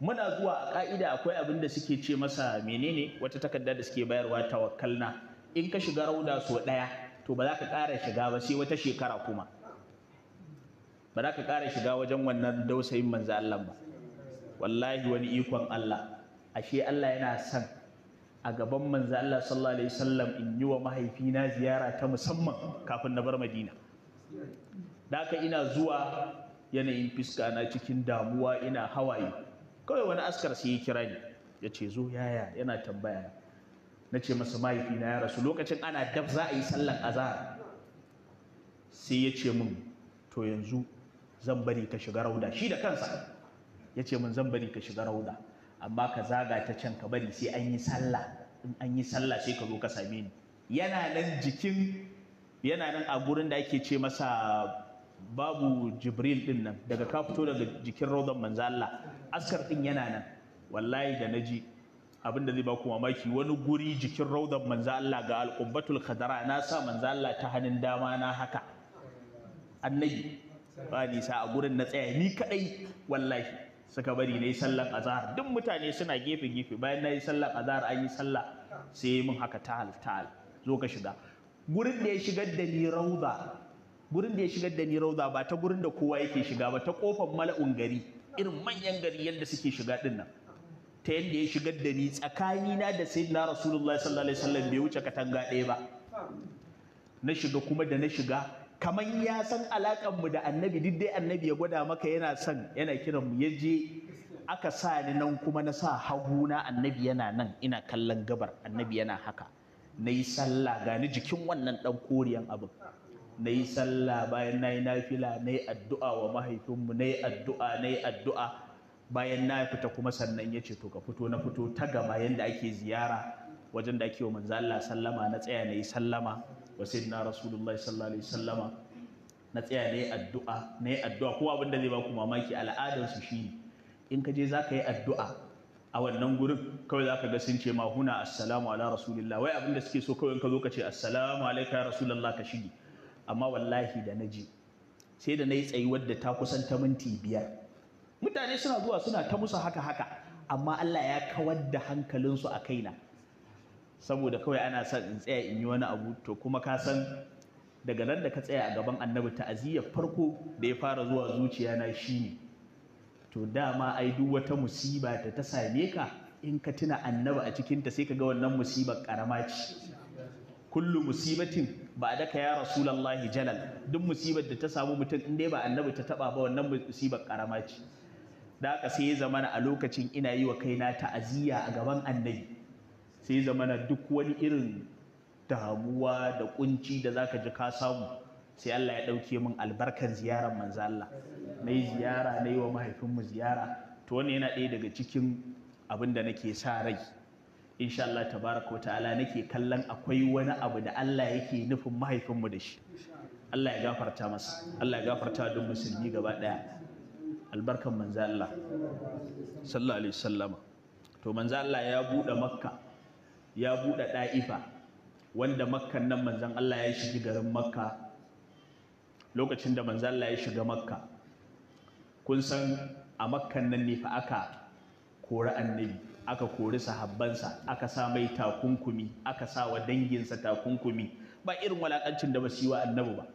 muna zuwa a ka'ida akwai abin da suke ce masa menene wata takarda da suke bayarwa tawakkalna in ka shiga rauda so ɗaya to ba za ka ƙara shiga ba sai wata shekara kuma ba za ka ƙara shiga wajen wannan dausayin manzo Allah ba wallahi wani ikon Allah ashe Allah yana son a gaban manzo Allah sallallahu alaihi wasallam in yi wa mahaifina ziyara ta musamman kafin na bar Madina daka ina zuwa yanayin fiska na cikin damuwa ina hawaye kawai wani askar sai ya kira ni ya ce zo yaya yana tambaya na ce masa mahaifina ya rasu lokacin ana dab za a yi sallan azhar sai ya ce min to yanzu zan bari ka shiga rauda shi da kansa ya ce mun zan bari ka shiga rauda amma ka zaga ta can ka bari sai an yi sallah in an yi sallah sai ka zo ka same ni yana nan jikin yana nan a gurin da ake ce masa babu jibril din nan daga ka fito daga jikin raudan manzo Allah askar din yana nan wallahi da naji abin da zai ba ku mamaki wani guri jikin raudan manzo Allah ga al-qubbatul khadara na sa manzo Allah ta hannun dama na haka annabi ba nisa a gurin na tsaya ni kadai wallahi suka bari na yi sallan azahar duk mutane suna gefe gefe bayan na yi sallan azahar an yi sallah sai mun haka tahal tahal zo ka shiga gurin da ya shigar da ni rauda gurin da ya shigar da ni rauda ba ta gurin da kowa yake shiga ba ta kofar mala'un gari irin manyan gari yadda suke shiga din ta yadda ya shigar da ni tsakanina da sayyidina rasulullahi sallallahu alaihi wasallam bai wuce katanga ɗaya ba na shiga kuma da na shiga kamar ya san alaƙanmu da annabi duk dai annabi ya gwada maka yana son yana kiran mu ya je aka sa ni nan kuma na sa hagu na annabi yana nan ina kallon gabar annabi yana haka na yi sallah gani jikin wannan ɗan koriyan abin na yi sallah bayan na yi nafila na yi addu'a wa mahaifinmu na yi addu'a na yi addu'a bayan na fita kuma sannan ya ce to ka fito na fito ta gama yadda ake ziyara wajen da ake wa manzo sallama na tsaya na yi sallama wa na rasulullahi sallallahu alaihi wasallama na tsaya na addu'a na yi addu'a ko abin da zai ba ku mamaki al'adar su shine in ka je za ka yi addu'a a wannan gurin kawai za ka ga sun ce ma huna assalamu ala rasulillah wai abin da suke so kawai in ka zo ka ce assalamu alaika ya rasulullah ka shige amma wallahi da na sai da nayi tsayi wadda ta kusan ta minti biyar mutane suna zuwa suna ta musu haka haka amma Allah ya kawar da hankalinsu a kaina saboda kawai ana son in tsaya in yi wani abu to kuma ka san daga nan da ka tsaya a gaban annabi ta'aziyyar farko da ya fara zuwa zuciya na shi ne to dama ai duk wata musiba da ta same ka in ka tuna annabi a cikinta sai ka ga wannan musibar karama ce kullu musibatin ba daka ya rasulallahi jalal duk musibar da ta samu mutum in dai ba annabi ta taba ba wannan musibar karama ce da haka sai zamana a lokacin ina yi wa kaina ta'aziyya a gaban annabi sai zamana duk wani irin damuwa da kunci da zaka ji ka samu sai Allah ya ɗauke min albarkan ziyarar manzo Allah na yi ziyara na yi wa mahaifinmu ziyara to wannan yana ɗaya daga cikin abin da nake sa rai insha Allah tabaraka wa ta'ala nake kallon akwai wani abu da Allah yake nufin mahaifinmu da shi Allah ya gafarta masa Allah ya gafarta duk musulmi gaba ɗaya albarkan manzo Allah sallallahu alaihi wasallama to manzo Allah ya buɗe makka ya buɗe ɗa'ifa wanda makkan nan manzan Allah ya shigi garin makka lokacin da manzan Allah ya shiga makka kun san a makkan nan ne fa aka kori annabi aka kori sahabbansa aka sa mai takunkumi aka sa wa danginsa takunkumi ba irin walakancin da ba su yi wa annabi ba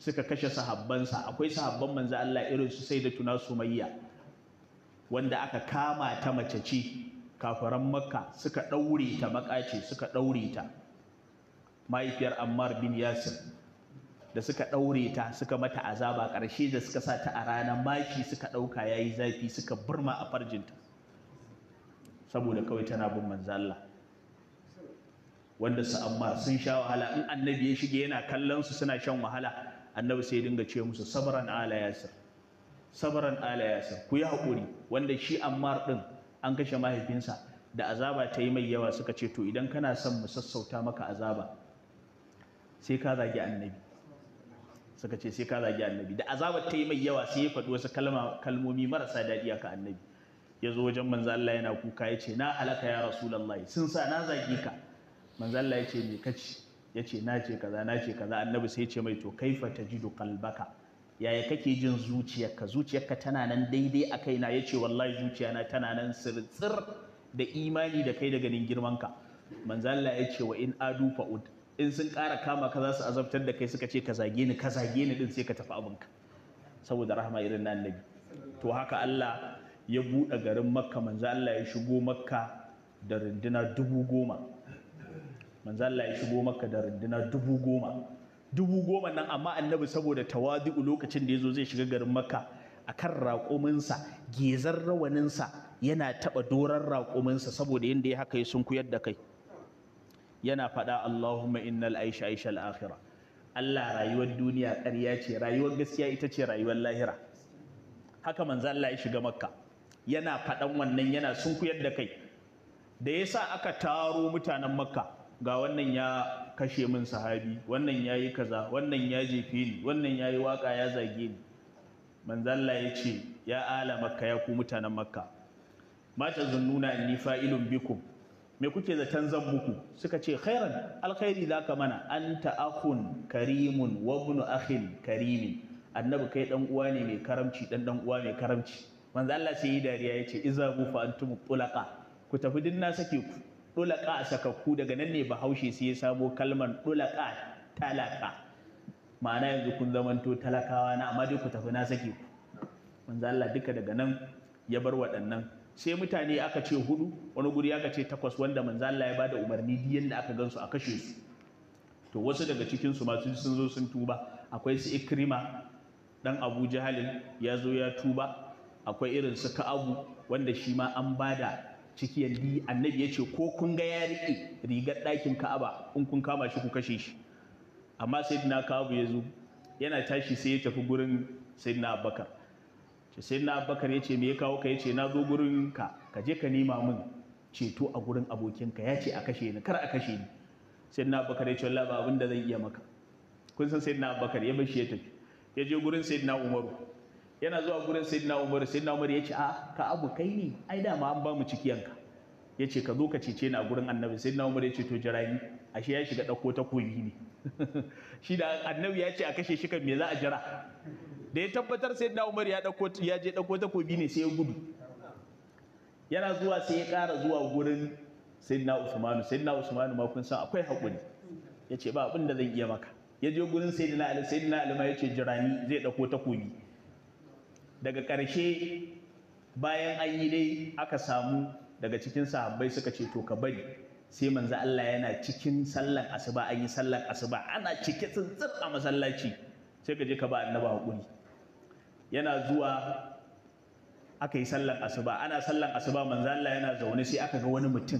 suka kashe sahabbansa akwai sahabban manzan Allah irin su sai da tuna sumayya wanda aka kama ta mace ce kafaran makka suka ɗaure ta makace suka ɗaure ta mahaifiyar ammar bin yasir da suka ɗaure ta suka mata azaba ƙarshe da suka sa ta a rana maki suka ɗauka ya yi zafi suka burma a farjinta saboda kawai tana bin manzo wanda su amma sun sha wahala in annabi ya shige yana kallon su suna shan wahala annabi sai dinga ce musu sabran ala yasir sabran ala yasir ku yi haƙuri wanda shi ammar ɗin. an kashe mahaifinsa da azaba ta yi mai yawa suka ce to idan kana son mu sassauta maka azaba sai ka zagi annabi suka ce sai ka zagi annabi da azaba ta yi mai yawa sai ya faɗi wasu kalmomi marasa daɗi ka annabi ya zo wajen manzan Allah yana kuka ya ce na halaka ya rasulullahi sun sa na zagi ka manzan Allah ya ce me kaci ya ce na ce kaza na ce kaza annabi sai ya ce mai to kaifa tajidu qalbaka yaya kake jin zuciyarka zuciyarka tana nan daidai a kaina ya ce wallahi na tana nan sirtsir da imani da kai da ganin girmanka manzalla ya ce wa in adu fa'ud in sun kara kama ka za su azabtar da kai suka ce ka zage ni ka zage ni din sai ka tafi abinka saboda rahama irin na annabi to haka Allah ya buɗe garin makka manzo ya shigo makka da runduna dubu goma manzo ya shigo makka da runduna dubu goma dubu goma nan amma annabi saboda tawadu'u lokacin da ya zo zai shiga garin makka a kan raƙuminsa gezar rawaninsa yana taɓa doron raƙuminsa saboda yadda ya haka ya sunkuyar da kai yana faɗa Allahumma innal aisha aisha al'akhira Allah rayuwar duniya ƙarya ce rayuwar gaskiya ita ce rayuwar lahira haka manzo Allah ya shiga makka yana faɗan wannan yana sun kuyar da kai da yasa aka taro mutanen makka ga wannan ya kashe min sahabi wannan ya yi kaza wannan ya jefe ni wannan ya yi waƙa ya zage ni manzalla ya ce ya ala makka ya ku mutanen makka mata nuna inni fa'ilun bikum me kuke zaton zan muku suka ce khairan alkhairi za ka mana anta akhun karimun wabnu ibnu Karimi. Annabu annabi kai dan uwa ne mai karamci dan dan uwa mai karamci manzo Allah sai yi dariya yace iza bu fa antum tulaqa ku tafi din na sake ku a sakakku daga nan ne bahaushe sai ya samo kalmar ɗulaƙa talaka ma'ana yanzu kun zamanto talakawa na amma dai ku tafi na sake ku manzo Allah duka daga nan ya bar waɗannan sai mutane aka ce hudu wani guri aka ce takwas wanda manzo Allah ya bada umarni duk da aka gansu a kashe su to wasu daga cikin su masu sun zo sun tuba akwai su ikrima dan Abu Jahalin ya zo ya tuba akwai irin su Ka'abu wanda shi ma an bada ciki yalli annabi ya ce ko kun ga ya riƙe rigar ɗakin ka'aba in kun kama shi ku kashe shi amma sayyidina kawo ya zo yana tashi sai ya tafi gurin sayyidina abubakar sai sayyidina abubakar ya ce me ya kawo ka ya ce na zo gurin ka ka je ka nema min ceto a gurin abokinka ya ce a kashe ni kar a kashe ni sayyidina abubakar ya ce wallahi ba abin da zan iya maka kun san sayyidina abubakar ya bar shi ya tafi ya je gurin sayyidina umaru yana zuwa gurin sayyidina umar sayyidina umar ya ce a ah, ka abu kai ne ai ma an ba mu cikiyanka ya ce ka zo ka cece ni a gurin annabi sayyidina umar ya ce to ni ashe ya shiga ta takobi ne shi da annabi ya ce a kashe shi kan me za a jira da ya tabbatar sayyidina umar ya dauko ya je ta takobi ne sai ya gudu yana zuwa sai ya ƙara zuwa gurin sayyidina usmanu sayyidina usmanu ma kun san akwai haƙuri ya ce ba abin da zan iya maka ya je gurin sayyidina ali sayyidina ali ma ya ce ni zai ta takobi daga ƙarshe bayan an yi dai aka samu daga cikin sahabbai suka ce to ka bari sai manzo Allah yana cikin sallan asuba an yi sallan asuba ana cike tsintsin a masallaci sai ka je ka ba annaba hakuri yana zuwa aka yi sallan asuba ana sallan asuba manzo Allah yana zaune sai aka ga wani mutum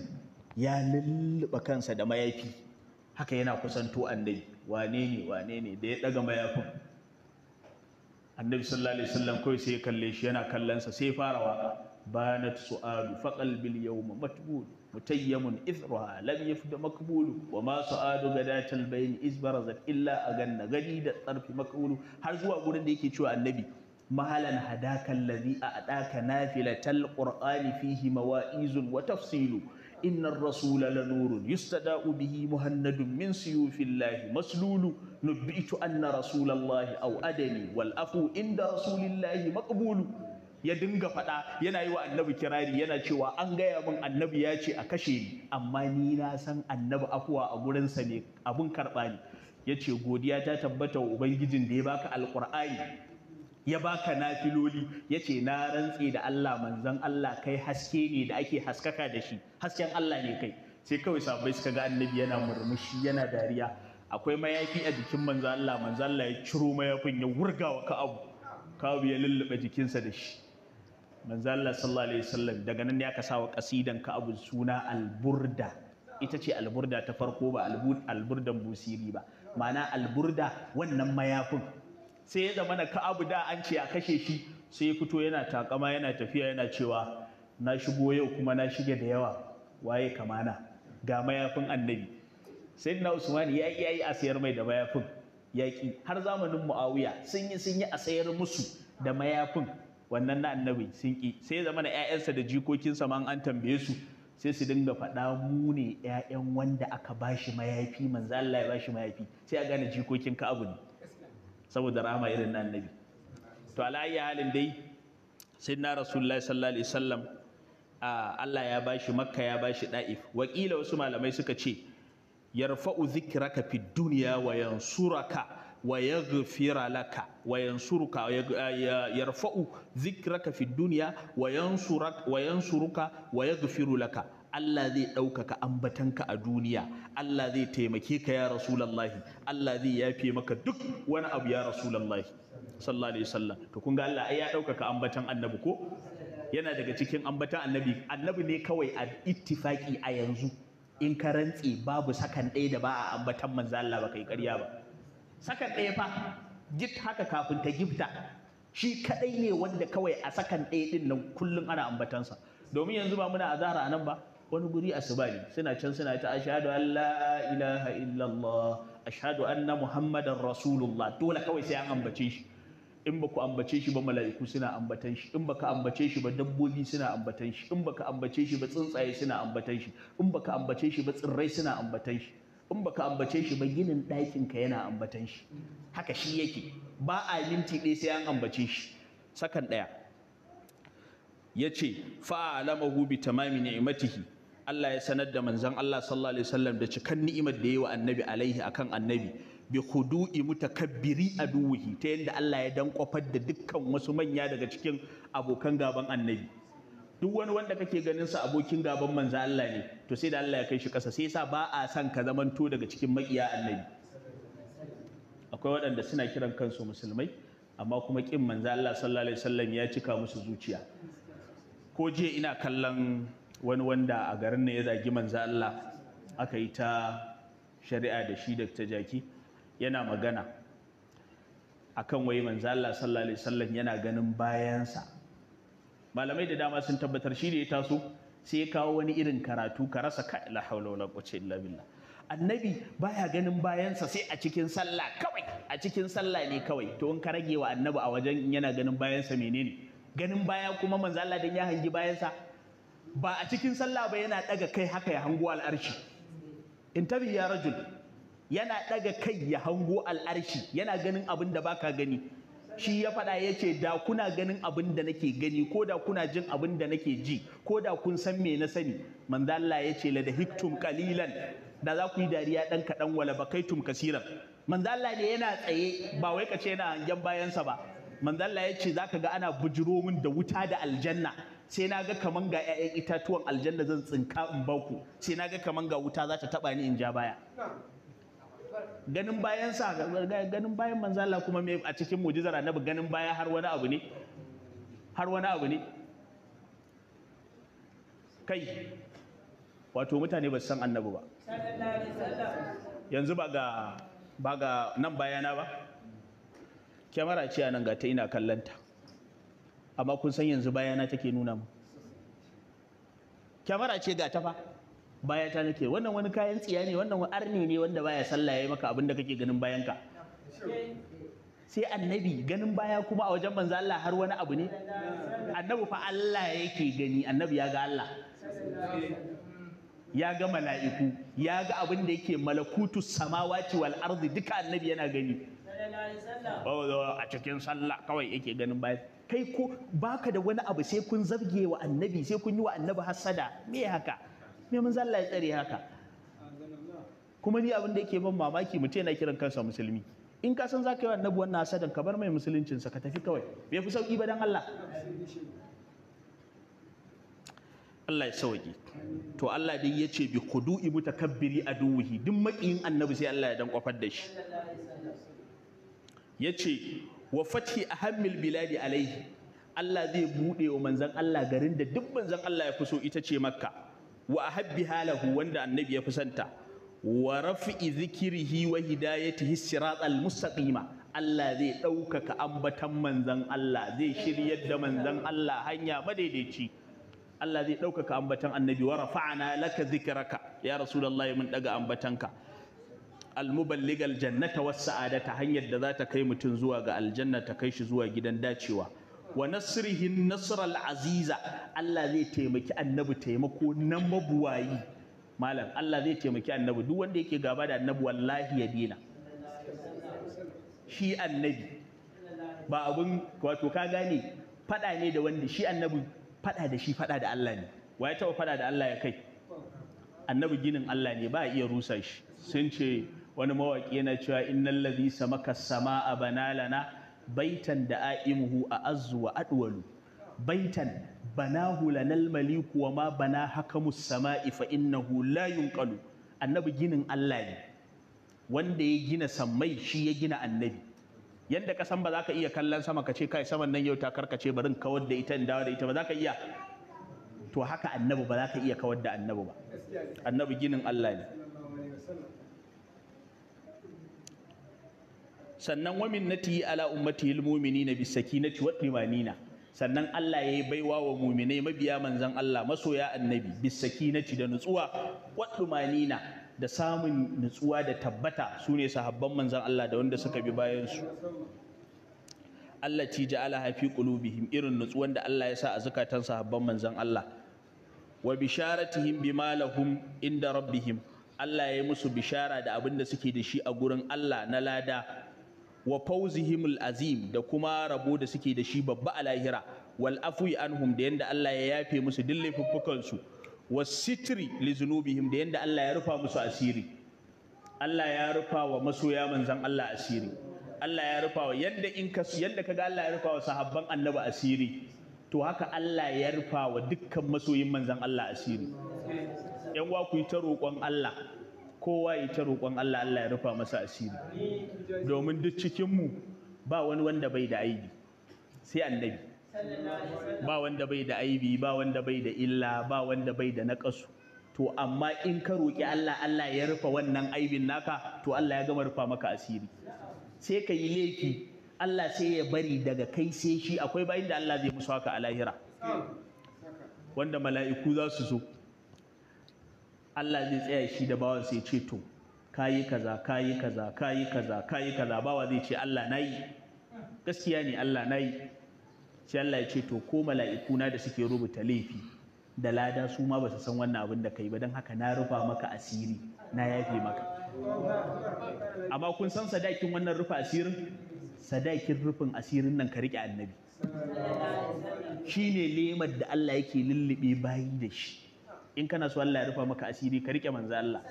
ya lulluɓa kansa da mayafi haka yana kusanto annabi wane ne wane ne da ya ɗaga mayafin annabi sallallahu alaihi wasallam kawai sai ya kalle shi yana kallonsa sai ya fara wa banat su'adu faqal bil yawma matbul mutayyamun ithruha lam yafda makbulu wa ma su'adu gadatal bayn izbarazat illa aganna gadi da tsarfi makbulu har zuwa gurin da yake cewa annabi mahalan hadaka alladhi a'daka nafilatal qur'ani fihi mawa'izun wa tafsilu إن الرسول لنور يستداء به مهند من سيوف الله مسلول نبئت أن رسول الله أو أدني والأفو عند رسول الله مقبول ya dinga faɗa yana yi wa annabi kirari yana cewa an gaya mun annabi ya ce a kashe ni amma ni na san annabi afuwa a gurinsa ne abun karɓa ne ya ce godiya ta tabbata ubangijin da ya baka Alkur'ani. ya baka nafiloli ya ce na rantse da Allah manzon Allah kai haske ne da ake haskaka da shi hasken Allah ne kai sai kawai sabai suka ga annabi yana murmushi yana dariya akwai mayafi a jikin manzo Allah manzo Allah ya ciro mayafin ya wurga wa Ka'abu Ka'abu ya lullube jikinsa da shi manzo Allah sallallahu alaihi wasallam daga nan ne aka sawa kasidan abu suna alburda ita ce alburda ta farko ba alburdan busiri ba ma'ana alburda wannan mayafin sai ya zama ka abu da an ce a kashe shi sai ya fito yana takama yana tafiya yana cewa na shigo yau kuma na shige da yawa waye kamana ga mayafin annabi na usman ya yi a sayar mai da mayafin yaƙi har zamanin muawiya sun yi sun yi a sayar musu da mayafin wannan na annabi sun ki sai ya zama na ƴaƴansa da jikokinsa man an tambaye su sai su dinga faɗa mu ne ƴaƴan wanda aka bashi mayafi manzo Allah ya bashi mayafi sai a gane jikokin ka abu ne saboda rama irin na annabi to ala halin dai sai na rasulullahi sallallahu alaihi wasallam Allah ya bashi makka ya bashi da'if wakila wasu malamai suka ce yarfa'u dhikraka fid dunya wa yansuraka wa yaghfira laka wa yansuruka yarfa'u fid dunya wa wa yansuruka wa yaghfiru laka Allah zai ɗaukaka ambatanka a duniya Allah zai taimake ka ya rasulullahi Allah zai yafe maka duk wani abu ya rasulullahi sallallahu alaihi wasallam to kun ga Allah ai ya ɗaukaka ambatan annabi ko yana daga cikin ambatan annabi annabi ne kawai a ittifaki a yanzu in ka rantse babu sakan ɗaya da ba a ambatan manzo Allah ba kai ƙarya ba sakan ɗaya fa git haka kafin ta gifta shi kadai ne wanda kawai a sakan ɗaya ɗin nan kullun ana ambatansa domin yanzu ba muna azara a nan ba wani guri asuba ne suna can suna ta ashadu an ilaha illallah anna muhammadan rasulullah dole kawai sai an ambace shi in baku ambace shi ba mala'iku suna ambatan shi in baka ambace shi ba dabbobi suna ambatan shi in baka ambace shi ba tsuntsaye suna ambatan shi in baka ambace shi ba tsirrai suna ambatan shi in baka ambace shi ba ginin ɗakin ka yana ambatan shi haka shi yake ba a minti ɗaya sai an ambace shi sakan ɗaya ya ce fa'alamahu bi tamami ni'matihi Allah ya sanar da manzan Allah sallallahu alaihi wasallam da cikan ni'imar da ya yayi wa annabi alaihi akan annabi bi khudu'i mutakabbiri aduwihi ta yadda Allah ya dan kwafar da dukkan wasu manya daga cikin abokan gaban annabi duk wani wanda kake ganin sa abokin gaban manzan Allah ne to sai da Allah ya kai shi kasa sai yasa ba a san ka zamanto daga cikin makiya annabi akwai waɗanda suna kiran kansu musulmai amma kuma kin manzan Allah sallallahu alaihi wasallam ya cika musu zuciya ko jiya ina kallon wani wanda a garin ne ya zagi manza Allah aka yi ta shari'a da shi da ta jaki yana magana akan wai manza Allah sallallahu alaihi wasallam yana ganin bayansa malamai da dama sun tabbatar shi da ya taso sai ya kawo wani irin karatu ka rasa ka la haula wala quwwata illa billah annabi baya ganin bayansa sai a cikin sallah kawai a cikin sallah ne kawai to in ka rage wa annabi a wajen yana ganin bayansa menene ganin baya kuma manzo Allah dan ya hangi bayansa ba a cikin sallah ba yana daga kai haka ya hango al'arshi in tabi ya rajul yana daga kai ya hango al'arshi yana ganin abin da baka gani shi ya faɗa ya ce da kuna ganin abin da nake gani ko da kuna jin abin da nake ji ko da kun san me na sani manzo Allah ya ce la da hiktum qalilan da za ku yi dariya dan kaɗan wala bakaitum kasiran manzo Allah ne yana tsaye ba wai kace yana hangen bayansa ba manzo Allah ya ce zaka ga ana bujiro min da wuta da aljanna sai na ga kaman ga 'ya'yan itatuwan aljanna zan tsinka in bauku sai na ga kaman ga wuta za ta taba ni in ja baya ganin bayan sa ganin bayan manzala kuma me a cikin mujizar annabi ganin baya har wani abu ne har wani abu ne kai wato mutane ba su san annabi ba yanzu ba ga ba ga nan bayana ba kyamara ce a nan ga ta ina kallanta amma kun san yanzu bayana take nuna mu kyamara ce ga tafa baya ta nake wannan wani kayan tsiya ne wannan wani arni ne wanda baya sallah yayi maka abin da kake ganin bayan ka sai annabi ganin baya kuma a wajen manzo Allah har wani abu ne annabi fa Allah yake gani annabi ya ga Allah ya ga mala'iku ya ga abin da yake malakutu samawati wal ardi duka annabi yana gani a cikin sallah kawai yake ganin baya kai ko baka da wani abu sai kun zabge wa annabi sai kun yi wa annabi hasada me haka me mun zalla ya tsare haka kuma ni abin da yake ban mamaki ce na kiran kansa musulmi in ka san za ka yi wa annabi wannan hasadan ka bar mai sa ka tafi kawai Me fi sauki ba dan Allah Allah ya sauke to Allah dai ya ce bi khudu'i mutakabbiri aduwihi duk maƙiyin annabi sai Allah ya dan kwafar da shi Yace. wa fathi ahammil biladi alaihi Allah zai buɗe wa manzan Allah garin da duk manzan Allah ya fi so ita ce Makka wa ahabbi halahu wanda annabi ya fi santa wa rafi'i zikirihi wa hidayatihi siratal mustaqima Allah zai ɗaukaka ambatan manzan Allah zai shiryar da manzan Allah hanya madaidaici Allah zai ɗaukaka ambatan annabi wa rafa'ana laka zikraka ya rasulullahi mun daga ambatanka almuballigal jannata was ta hanyar da za ta kai mutum zuwa ga aljanna ta kai shi zuwa gidan dacewa wa nasrihin nasral aziza Allah zai taimaki annabi taimako na mabuwayi malam Allah zai taimaki annabi duk wanda yake gaba da annabi wallahi ya dina shi annabi ba abun wato ka gane fada ne da wanda shi annabi fada da shi fada da Allah ne wa ya taba fada da Allah ya kai annabi ginin Allah ne ba a iya rusa shi sun ce wani mawaƙi yana cewa sama ladhi samaka samaa banalana baitan da aimuhu a azuwa wa adwalu baitan bana lanal maliku wa ma bana hakamus sama'i inna innahu la yunqalu annabi ginin Allah ne wanda ya gina sammai shi ya gina annabi yanda ka san ba za ka iya kallon sama ka ce kai saman nan yau ta karkace barin kawar da ita in dawo da ita ba za ka iya to haka annabi ba za ka iya kawar da annabi ba annabi ginin Allah ne sannan wa nati ala ummati almu'minina sakinati wa dimanina sannan Allah yayi baiwa wa mu'minai mabiya manzan Allah masoya annabi sakinati da nutsuwa wa dimanina da samun nutsuwa da tabbata sune sahabban manzan Allah da wanda suka bi bayan su Allah ci ja'ala fi qulubihim irin nutsuwan da Allah ya sa a zakatan sahabban manzan Allah wa bisharatihim bima lahum inda rabbihim Allah ya yi musu bishara da abin da suke da shi a gurin Allah na lada wa fawzihim azim da kuma rabo da suke da shi babba a lahira wal afwi anhum da yanda Allah ya yafe musu duk laifuffukan su was sitri li zunubihim da yanda Allah ya rufa musu asiri Allah ya rufa wa masoya manzon Allah asiri Allah ya rufa wa yanda in ka yanda kaga Allah ya rufa wa sahabban annabi asiri to haka Allah ya rufa wa dukkan masoyin manzon Allah asiri yan wa ku yi ta roƙon Allah kowa ya ta roƙon Allah Allah ya rufa masa asiri domin duk cikinmu ba wani wanda bai da aibi sai annabi ba wanda bai da aibi ba wanda bai da illa ba wanda bai da naƙasu to amma in ka roƙi Allah Allah ya rufa wannan aibin naka to Allah ya gama rufa maka asiri sai ka yi laifi Allah sai ya bari daga kai sai shi akwai bayin da Allah zai musu haka a lahira wanda mala'iku za su zo Allah zai tsaya shi da bawan sai ce to kayi kaza kayi kaza kayi kaza kayi kaza bawa zai ce Allah nayi gaskiya ne Allah nayi sai Allah ya ce to ko mala'ikuna da suke rubuta laifi da lada su ma ba su san wannan abin da kai ba don haka na rufa maka asiri na yafe maka amma kun san sadakin wannan rufa asirin sadakin rufin asirin nan ka riƙe annabi shi ne lemar da Allah yake lullube bayi da shi in kana so Allah ya rufa maka asiri ka rike manzo Allah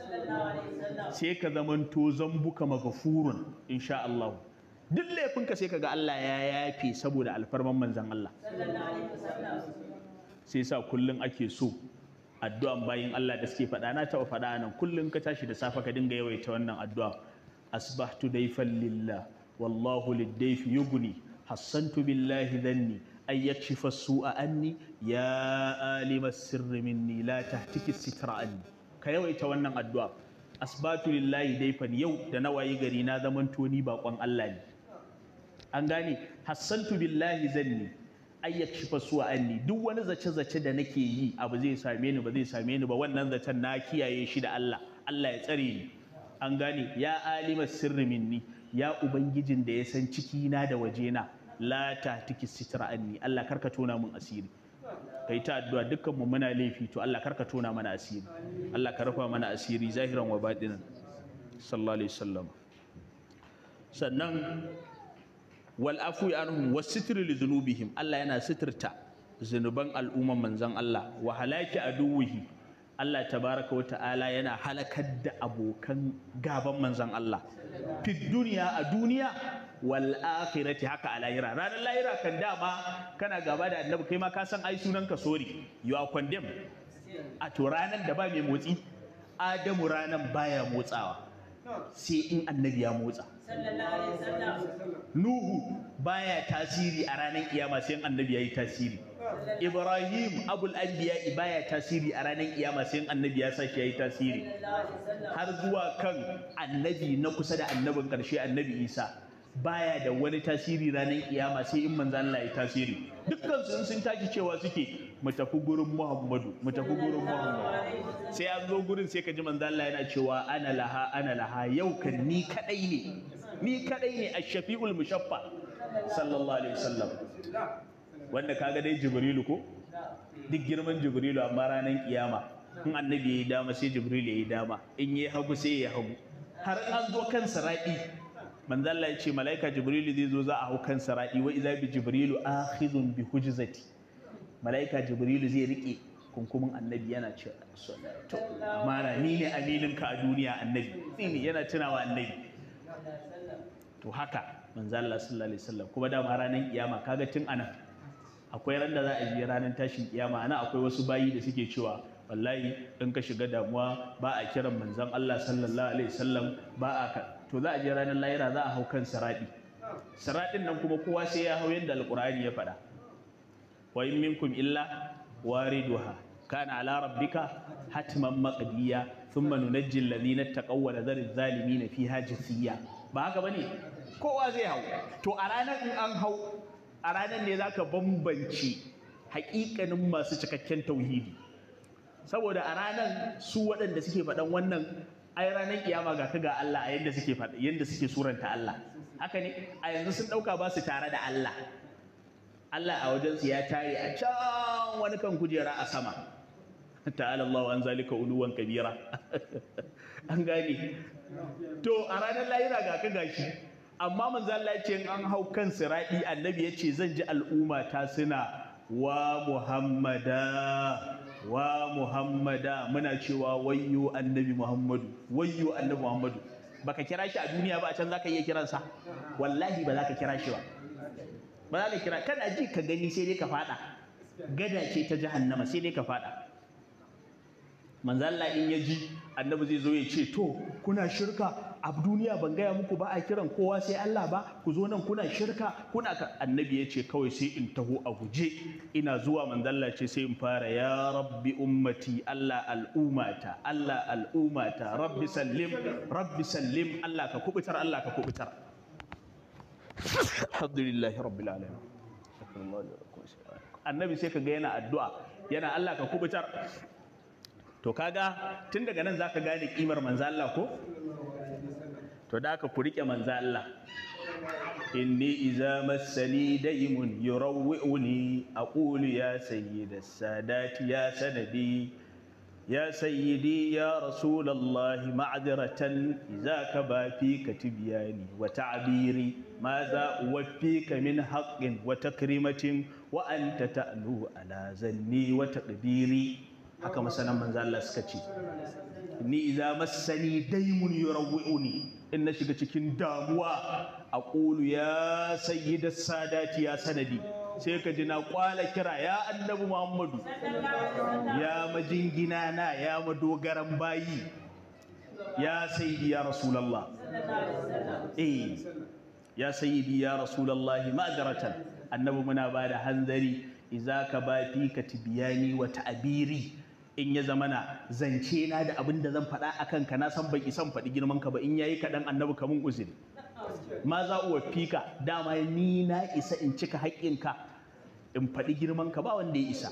sai ka zamanto zambuka magafurun insha Allah duk laifin ka sai ka ga Allah ya yafe saboda alfarman manzon Allah sai sa kullun ake so addu'an bayin Allah da suke faɗa na taɓa faɗa nan kullun ka tashi da safa ka dinga yawaita wannan addu'a asbahtu daifan lillah wallahu liddayfi yughni hassantu billahi dhanni ay yakshifa su'a anni ya alima sirri minni la tahtiki sitra anni ka yawaita wannan addu'a asbatu lillahi daifan yau da nawayi gari na zaman toni bakon Allah ne an gane hassantu billahi zanni ay yakshifa a anni duk wani zace zace da nake yi abu zai same ni ba zai same ni ba wannan zaton na kiyaye shi da Allah Allah ya tsare ni an gane ya alimas sirri minni ya ubangijin da ya san ciki na da wajena la tiki sitra anni Allah karka tona mun asiri kai ta addu'a dukkan mu muna laifi to Allah karka tona mana asiri Allah ka rufa mana asiri zahiran wa batinan sallallahu alaihi wasallam sannan wal afu anhum was sitru li dhunubihim Allah yana sitirta zunuban al'umman manzon Allah wa halaki aduwihi Allah tabaraka wa ta'ala yana halakar da abokan gaban manzon Allah fi duniya a duniya wal akhirati haka a lahira ranar lahira kan dama kana gaba da annabi kai ma ka san ai sunan ka sori you are condemned a to ranar da ba mai motsi adamu ranar baya motsawa sai in annabi ya motsa nuhu baya tasiri a ranar kiyama sai in annabi ya yi tasiri ibrahim abul anbiya baya tasiri a ranar kiyama sai in annabi ya sa shi ya yi tasiri har zuwa kan annabi na kusa da annabin ƙarshe annabi isa baya da wani tasiri ranar kiyama sai in manza Allah ya tasiri dukkan sun sun tashi cewa suke mu tafi gurin Muhammadu mu tafi gurin Muhammadu sai an zo gurin sai ka ji manzo Allah yana cewa ana laha ana laha yau kan ni kadai ne ni kadai ne ash-shafi'ul mushaffa sallallahu alaihi wasallam wanda kaga dai Jibrilu ko duk girman Jibrilu amma ranar kiyama in annabi ya yi dama sai Jibrilu ya yi dama in yi hagu sai ya hagu har an zo kan sara'i manzalla ya ce mala'ika jibrilu zai zo za a hau kan sara'i wa iza bi jibrilu akhizun bi hujzati mala'ika jibrilu zai rike kunkumin annabi yana ce to amana ni ne aminin ka a duniya annabi ni yana tunawa annabi to haka manzalla sallallahu alaihi wasallam kuma da ma ranar kiyama kaga tun anan akwai ran da za a yi ranar tashin kiyama ana akwai wasu bayi da suke cewa wallahi in ka shiga damuwa ba a kiran manzon Allah sallallahu alaihi wasallam ba a to za a je ranar Layira za a hau kan siraɗi siraɗin nan kuma kowa sai ya hau yadda alƙur'ani ya faɗa wa in minkum illa wariduha kana ala rabbika hatman maqdiya thumma nunajji alladhina taqaw wa nadharu adh fiha jithiya ba haka bane kowa zai hau to a ranar in an hau a ranar ne zaka bambance haƙiƙanin masu cikakken tauhidi saboda a ranar su waɗanda suke faɗan wannan ai ranar kiyama ga ga Allah a yadda suke yadda suke suranta Allah haka ne a yanzu sun ɗauka ba su tare da Allah Allah a wajen su ya tare a can wani kan kujera a sama ta'ala Allah an zalika uluwan kabira an gane to a ranar lahira ga ka gashi amma manzo Allah ya ce an hau kan siradi annabi ya ce zan ji al'umma ta suna wa muhammada wa muhammada muna cewa wayyo annabi muhammadu wayyo annabi muhammadu baka kira shi a duniya ba a can zaka iya kiransa wallahi ba zaka kira shi ba ba za ka kira kana ji ka gani sai dai ka fada gada ce ta jahannama sai dai ka fada manzo Allah in ya ji annabi zai zo ya ce to kuna shirka a duniya ban gaya muku ba a kiran kowa sai Allah ba ku zo nan kuna shirka kuna ka annabi ya ce kawai sai in taho a guje ina zuwa manzalla ce sai in fara ya rabbi ummati Allah al'umata Allah al'umata rabbi sallim rabbi sallim Allah ka kubutar Allah ka kubutar alhamdulillah rabbil alamin annabi sai ka ga yana addu'a yana Allah ka kubutar to kaga tun daga nan zaka gane kimar manzo Allah ko to da aka ku riƙe manzo Allah inni iza massani daimun yurawwi'uni aqulu ya sayi da sadatiya sanadi ya sayi sayyidi ya rasulullahi ma'dharatan iza ka ba fi katibiyani wa ta'biri ma za uwaffika min haqqin wa takrimatin wa anta ta'lu ala zanni wa taqdiri haka masanan manzo Allah suka ce ni iza massani daimun yurawwi'uni in na shiga cikin damuwa a ƙulu ya sayi da sadati ya sanadi sai ka ji na kwala kira ya annabi muhammadu ya majingina na ya madogaran bayi ya sayi ya rasulallah eh ya sayi ya rasulallah magaratan annabi muna ba da hanzari iza ka ba fi ka tibiyani wa ta'abiri in ya zama na zance na da abin da zan faɗa a kanka na san baki san faɗi girman ka ba in yayi kaɗan annabi ka mun uzuri ma za uwa fika dama ni na isa in cika haƙƙinka in faɗi girman ka ba wanda ya isa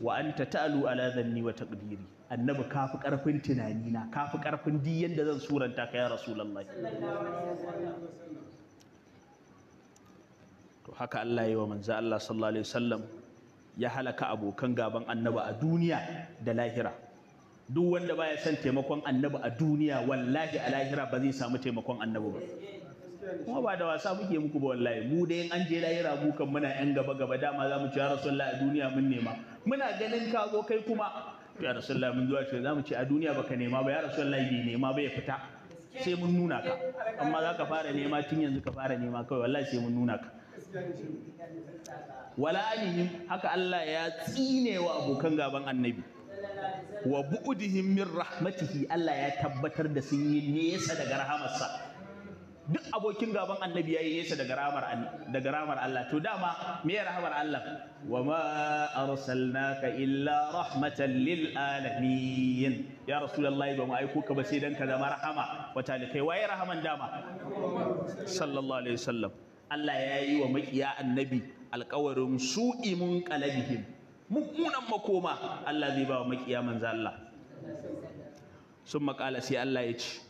wa anta ta'alu ala zanni wa taqdiri annabi kafi karfin tunani na kafi karfin di yanda zan suranta ka ya rasulullahi to haka Allah ya yi wa manzo Allah sallallahu alaihi wasallam ya halaka abokan gaban annabi a duniya da lahira duk wanda baya son taimakon annabi a duniya wallahi a lahira ba zai samu taimakon annabi ba kuma ba da wasa muke muku ba wallahi mu da an je lahira mu muna yan gaba gaba dama za mu ci rasulullah a duniya mun nema muna ganin ka zo kai kuma ya rasulullah mun zuwa ce za mu ci a duniya baka nema ba ya rasulullah bai nema ba ya fita sai mun nuna ka amma za ka fara nema tun yanzu ka fara nema kawai wallahi sai mun nuna ka wala haka Allah ya tsine wa abokan gaban annabi wa bu'udihim min rahmatihi Allah ya tabbatar da sun yi nesa daga rahamarsa duk abokin gaban annabi yayi nesa daga rahamar daga rahamar Allah to dama me rahamar Allah wa ma arsalnaka illa rahmatan lil alamin ya rasulullahi ba mu aiko ka ba sai dan ka zama rahama wa kai waye rahaman dama sallallahu alaihi wasallam Allah ya yi wa makiya annabi alkawarin suƙi mun qalabihim mummunan makoma Allah zai ba wa makiya manzo Allah sun makala sai Allah ya ce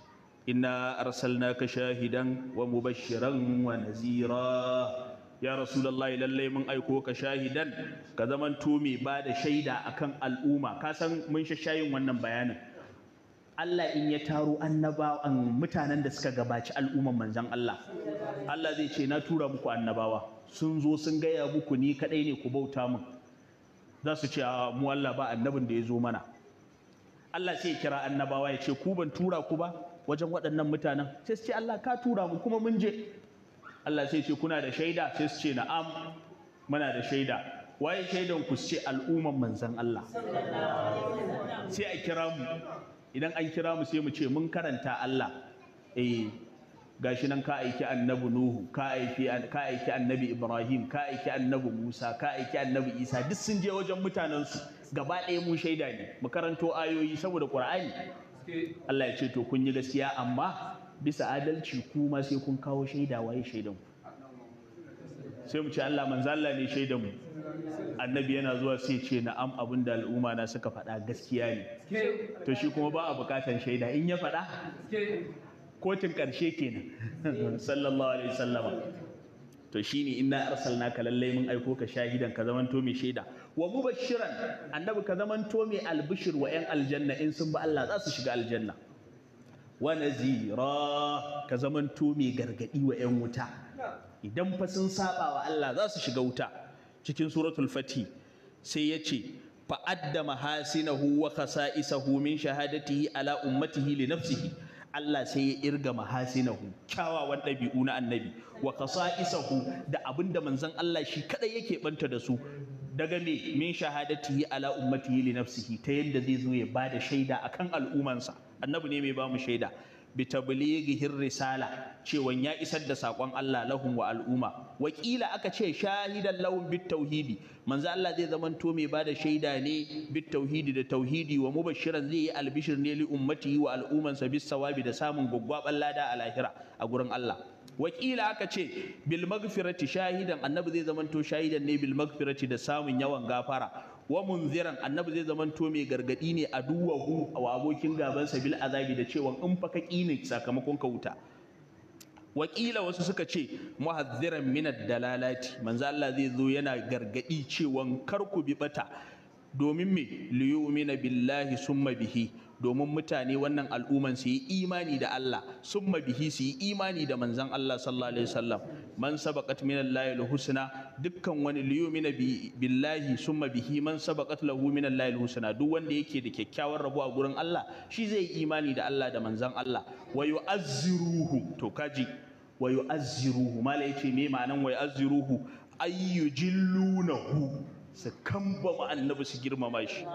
inna arsalnaka shahidan wa mubashiran wa nazira ya rasulullahi lallai mun aiko ka shahidan ka zamanto mai ba da shaida akan al'umma ka san mun shashayin wannan bayanin Allah in ya taro annabawan mutanen da suka gabaci al'umman manzan Allah Allah zai ce na tura muku annabawa sun zo sun gaya muku ni kadai ne ku bauta min za su ce mu Allah ba annabin da ya zo mana Allah sai ya kira annabawa ya ce ku ban tura ku ba wajen waɗannan mutanen sai su ce Allah ka tura mu kuma mun je Allah sai ce kuna da shaida sai su ce na'am muna da shaida waye shaidan ku su ce al'umman manzan Allah sai a kira mu idan an kira mu sai mu ce mun karanta Allah eh gashi nan ka aiki annabi Nuhu ka aiki ka aiki annabi Ibrahim ka aiki annabi Musa ka aiki annabi Isa duk sun je wajen mutanen su gaba ɗaya mu shaida ne mu karanto ayoyi saboda Qur'ani Allah ya ce to kun yi gaskiya amma bisa adalci kuma sai kun kawo shaida waye shaidan mu sai mu ce Allah manzo Allah ne shaidan mu annabi yana zuwa sai ce na'am abin da al'umma na suka faɗa gaskiya ne to shi kuma ba a bukatan shaida in ya faɗa kotun ƙarshe kenan eh. sallallahu alaihi sallama to ina inna ka lallai mun aiko ka shahidan ka zamanto mai shaida wa mubashiran annabi ka zamanto mai albishir wa yan aljanna in sun ba Allah za su shiga aljanna wa nazira ka zamanto mai gargadi wa yan wuta idan fa sun saba wa Allah za su shiga wuta cikin suratul fati sai ya ce fa'adda mahasinahu wa khasa'isahu min shahadatihi ala ummatihi li nafsihi Allah sai ya irga mahasinahu kyawawan ɗabi'u na annabi wa khasa'isahu da abinda manzon Allah shi kadai yake banta da su daga me min shahadatihi ala ummatihi li nafsihi ta yadda zai zo ya bada shaida a akan al'umansa annabi ne mai ba mu shaida bi risala cewan ya isar da sakon Allah lahum wa al'umma wakila aka ce shahidan lahum bitauhidi manzo Allah zai zamanto mai bada shaida ne bitauhidi da tauhidi wa mubashiran zai yi albishir ne li ummati wa al'umansa bis sawabi da samun gwaggwaban lada a lahira a gurin Allah wakila aka ce bil shahidan annabi zai zamanto shahidan ne bil da samun yawan gafara wa munziran annabi zai zaman to mai gargadi ne a duwahu wa abokin gaban sabil azabi da cewa in fa ka sakamakon ka wuta wakila wasu suka ce muhazziran minad dalalati manzo Allah zai zo yana gargadi cewa kar ku bi bata domin me liyumina billahi summa bihi domin mutane wannan al'umman su yi imani da Allah sun mabihi su yi imani da manzan Allah sallallahu alaihi wasallam man sabaqat min Allah husna dukkan wani liyumina billahi sun mabihi man sabaqat lahu min husna duk wanda yake da kyakkyawar rabo a gurin Allah shi zai yi imani da Allah da manzan Allah wa yu'azziruhu to kaji wa yu'azziruhu mala yace me ma'anan wa yu'azziruhu ayyujillunahu su kamba annabi su girmama shi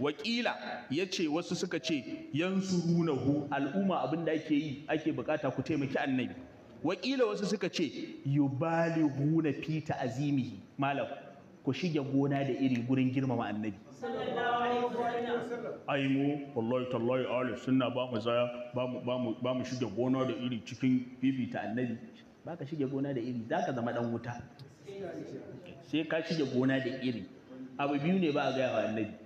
wakila ya ce wasu suka ce yansurunahu al'umma abin da ake yi ake bukata ku taimaki annabi wakila wasu suka ce huna fi ta'zimihi malam ku shige gona da iri gurin girmama annabi ai mu wallahi tallahi ahli sunna ba mu zaya ba mu shige gona da iri cikin bibita annabi ba ka shige gona da iri za ka zama dan wuta sai ka shige gona da iri abu biyu ne ba a gaya wa annabi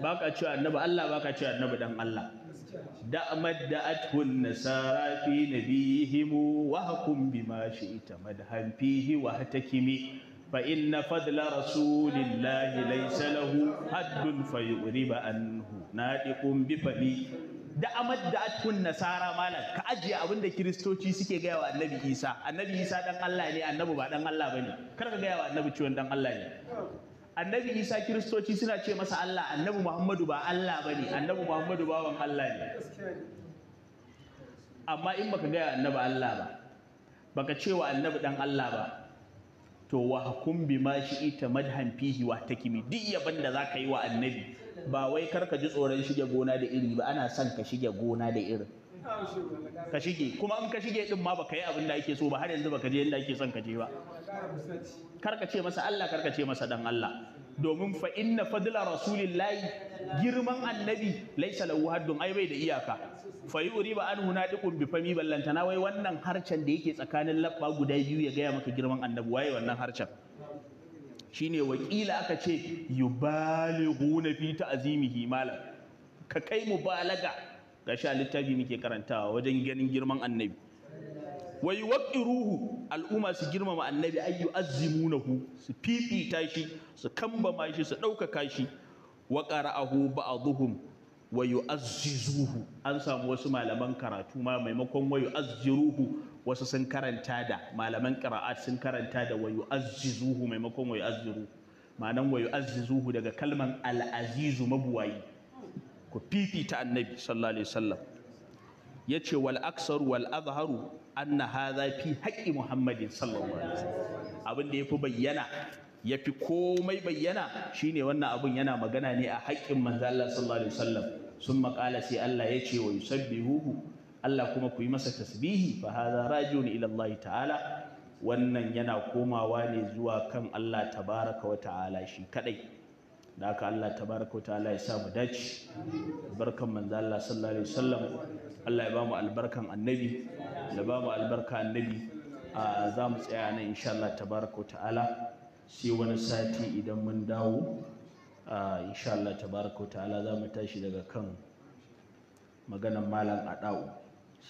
baka cewa annabi Allah baka cewa annabi dan Allah da amadda'athun nasara fi nabihim wa hakum bima shi'ta madhan fihi wa hatakimi fa inna fadla rasulillahi laysa lahu haddun fayuriba anhu nadiqum bi fadi da amadda'athun nasara malam ka ajiye abin da kiristoci suke gaya wa annabi Isa annabi Isa dan Allah ne annabi ba dan Allah bane kar ka gaya wa annabi ciwon dan Allah ne annabi isa kiristoci suna ce masa allah annabi muhammadu ba allah ba ne annabi muhammadu ba wani allah ne amma in baka gaya annabi allah ba baka ce wa annabi dan allah ba to wa hakun bi ma shi ita madhan fihi wa takimi duk yaban da zaka yi wa annabi ba wai karka ji tsoron shige gona da iri ba ana son ka shige gona da iri. ka shige kuma in ka shige din ma baka yi abin da ake so ba har yanzu baka je inda ake son ka je ba karka ce masa Allah karka ce masa dan Allah domin fa inna fadla rasulillahi girman annabi laysa lahu haddun ai bai da iyaka fa yuri ba an hunadiqun bi fami Na wai wannan harcen da yake tsakanin labba guda biyu ya gaya maka girman annabi waye wannan harcen shine wakila aka ce yubalighuna fi ta'zimihi malam ka kai mubalaga gashi a littafi muke karantawa wajen ganin girman annabi waƙi ruhu al'umma su girmama annabi ayyu azzimunahu su fifita shi su kambama shi su ɗaukaka shi wa qara'ahu ba'dhum wa yu'azzizuhu an samu wasu malaman karatu ma maimakon wa yu'azziruhu wasu sun karanta da malaman qira'at sun karanta da wa yu'azzizuhu maimakon wa yu'azziruhu ma'anan wa yu'azzizuhu daga kalman al'azizu mabuwayi ku fifita annabi sallallahu alaihi wasallam yace wal aksaru wal azharu anna hadha fi haqqi muhammadin sallallahu alaihi wasallam abin da yafi bayyana yafi komai bayyana shine wannan abun yana magana ne a haƙƙin manzo Allah sallallahu alaihi wasallam sun maƙala sai Allah yace wa yusabbihuhu Allah kuma ku yi masa tasbihi fa hadha rajiun ila Allah ta'ala wannan yana komawa ne zuwa kan Allah tabaraka wa ta'ala shi kadai da aka Allah tabaraka wa ta'ala ya sa mu dace barkan manzo Allah sallallahu alaihi wasallam Allah ya ba mu albarkan annabi ya ba mu albarka annabi a za mu tsaya nan insha Allah tabaraka wa ta'ala sai wani sati idan mun dawo a insha Allah tabaraka wa ta'ala za mu tashi daga kan maganan malam adau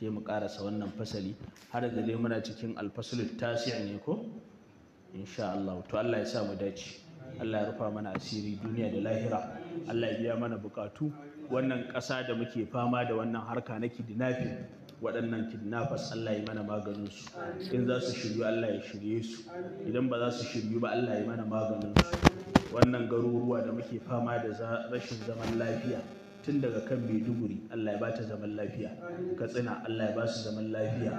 sai mu karasa wannan fasali har da dai muna cikin alfasul tasi ne ko insha Allah to Allah ya sa mu dace Allah ya rufa mana asiri duniya da lahira Allah ya biya mana bukatu wannan ƙasa da muke fama da wannan harka na kidnapping waɗannan kidnappers Allah ya mana maganin su in za su shiryu Allah ya shirye su idan ba za su shiryu ba Allah ya mana maganin su wannan garuruwa da muke fama da rashin zaman lafiya tun daga kan maiduguri allah ya ba ta zaman lafiya katsina allah ya ba su zaman lafiya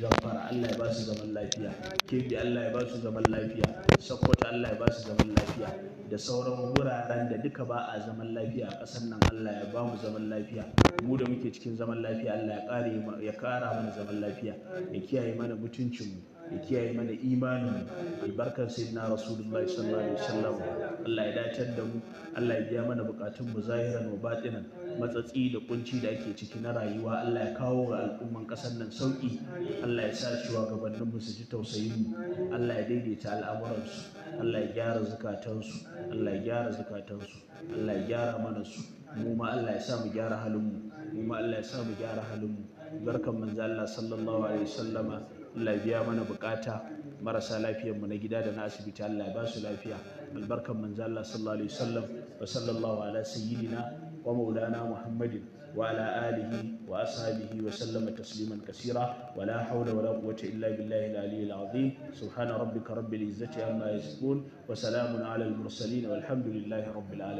zamfara allah ya ba su zaman lafiya kebbi allah ya ba su zaman lafiya sokoto allah ya ba su zaman lafiya da sauran wuraren da duka ba a zaman lafiya a ƙasar nan allah ya ba mu zaman lafiya mu da muke cikin zaman lafiya allah ya ƙara mana zaman lafiya ya kiyaye mana mutuncinmu ya kiyaye mana imani albarkar na rasulullahi sallallahu alaihi wasallam Allah ya dacar da mu Allah ya biya mana bukatun mu zahiran wa batinan matsatsi da kunci da ake ciki na rayuwa Allah ya kawo ga al'umman kasar nan sauki Allah ya sa gabanin mu su ji tausayin mu Allah ya daidaita al'amuran su Allah ya gyara zakatun su Allah ya gyara zakatun su Allah ya gyara mana su mu ma Allah ya sa mu gyara halin mu mu ma Allah ya sa mu gyara halin mu barkan manzo Allah sallallahu alaihi wasallama Allah biya mana bukata marasa lafiyar mu na gida da na asibiti Allah ya ba su lafiya albarkan manzo Allah sallallahu alaihi wasallam wa sallallahu ala sayyidina wa maulana Muhammadin wa ala alihi wa ashabihi wa sallama tasliman kaseera wa la hawla wa la quwwata illa billahi al-aliyyil azim subhana rabbika rabbil izzati amma yasifun wa salamun ala al-mursalin walhamdulillahi rabbil alamin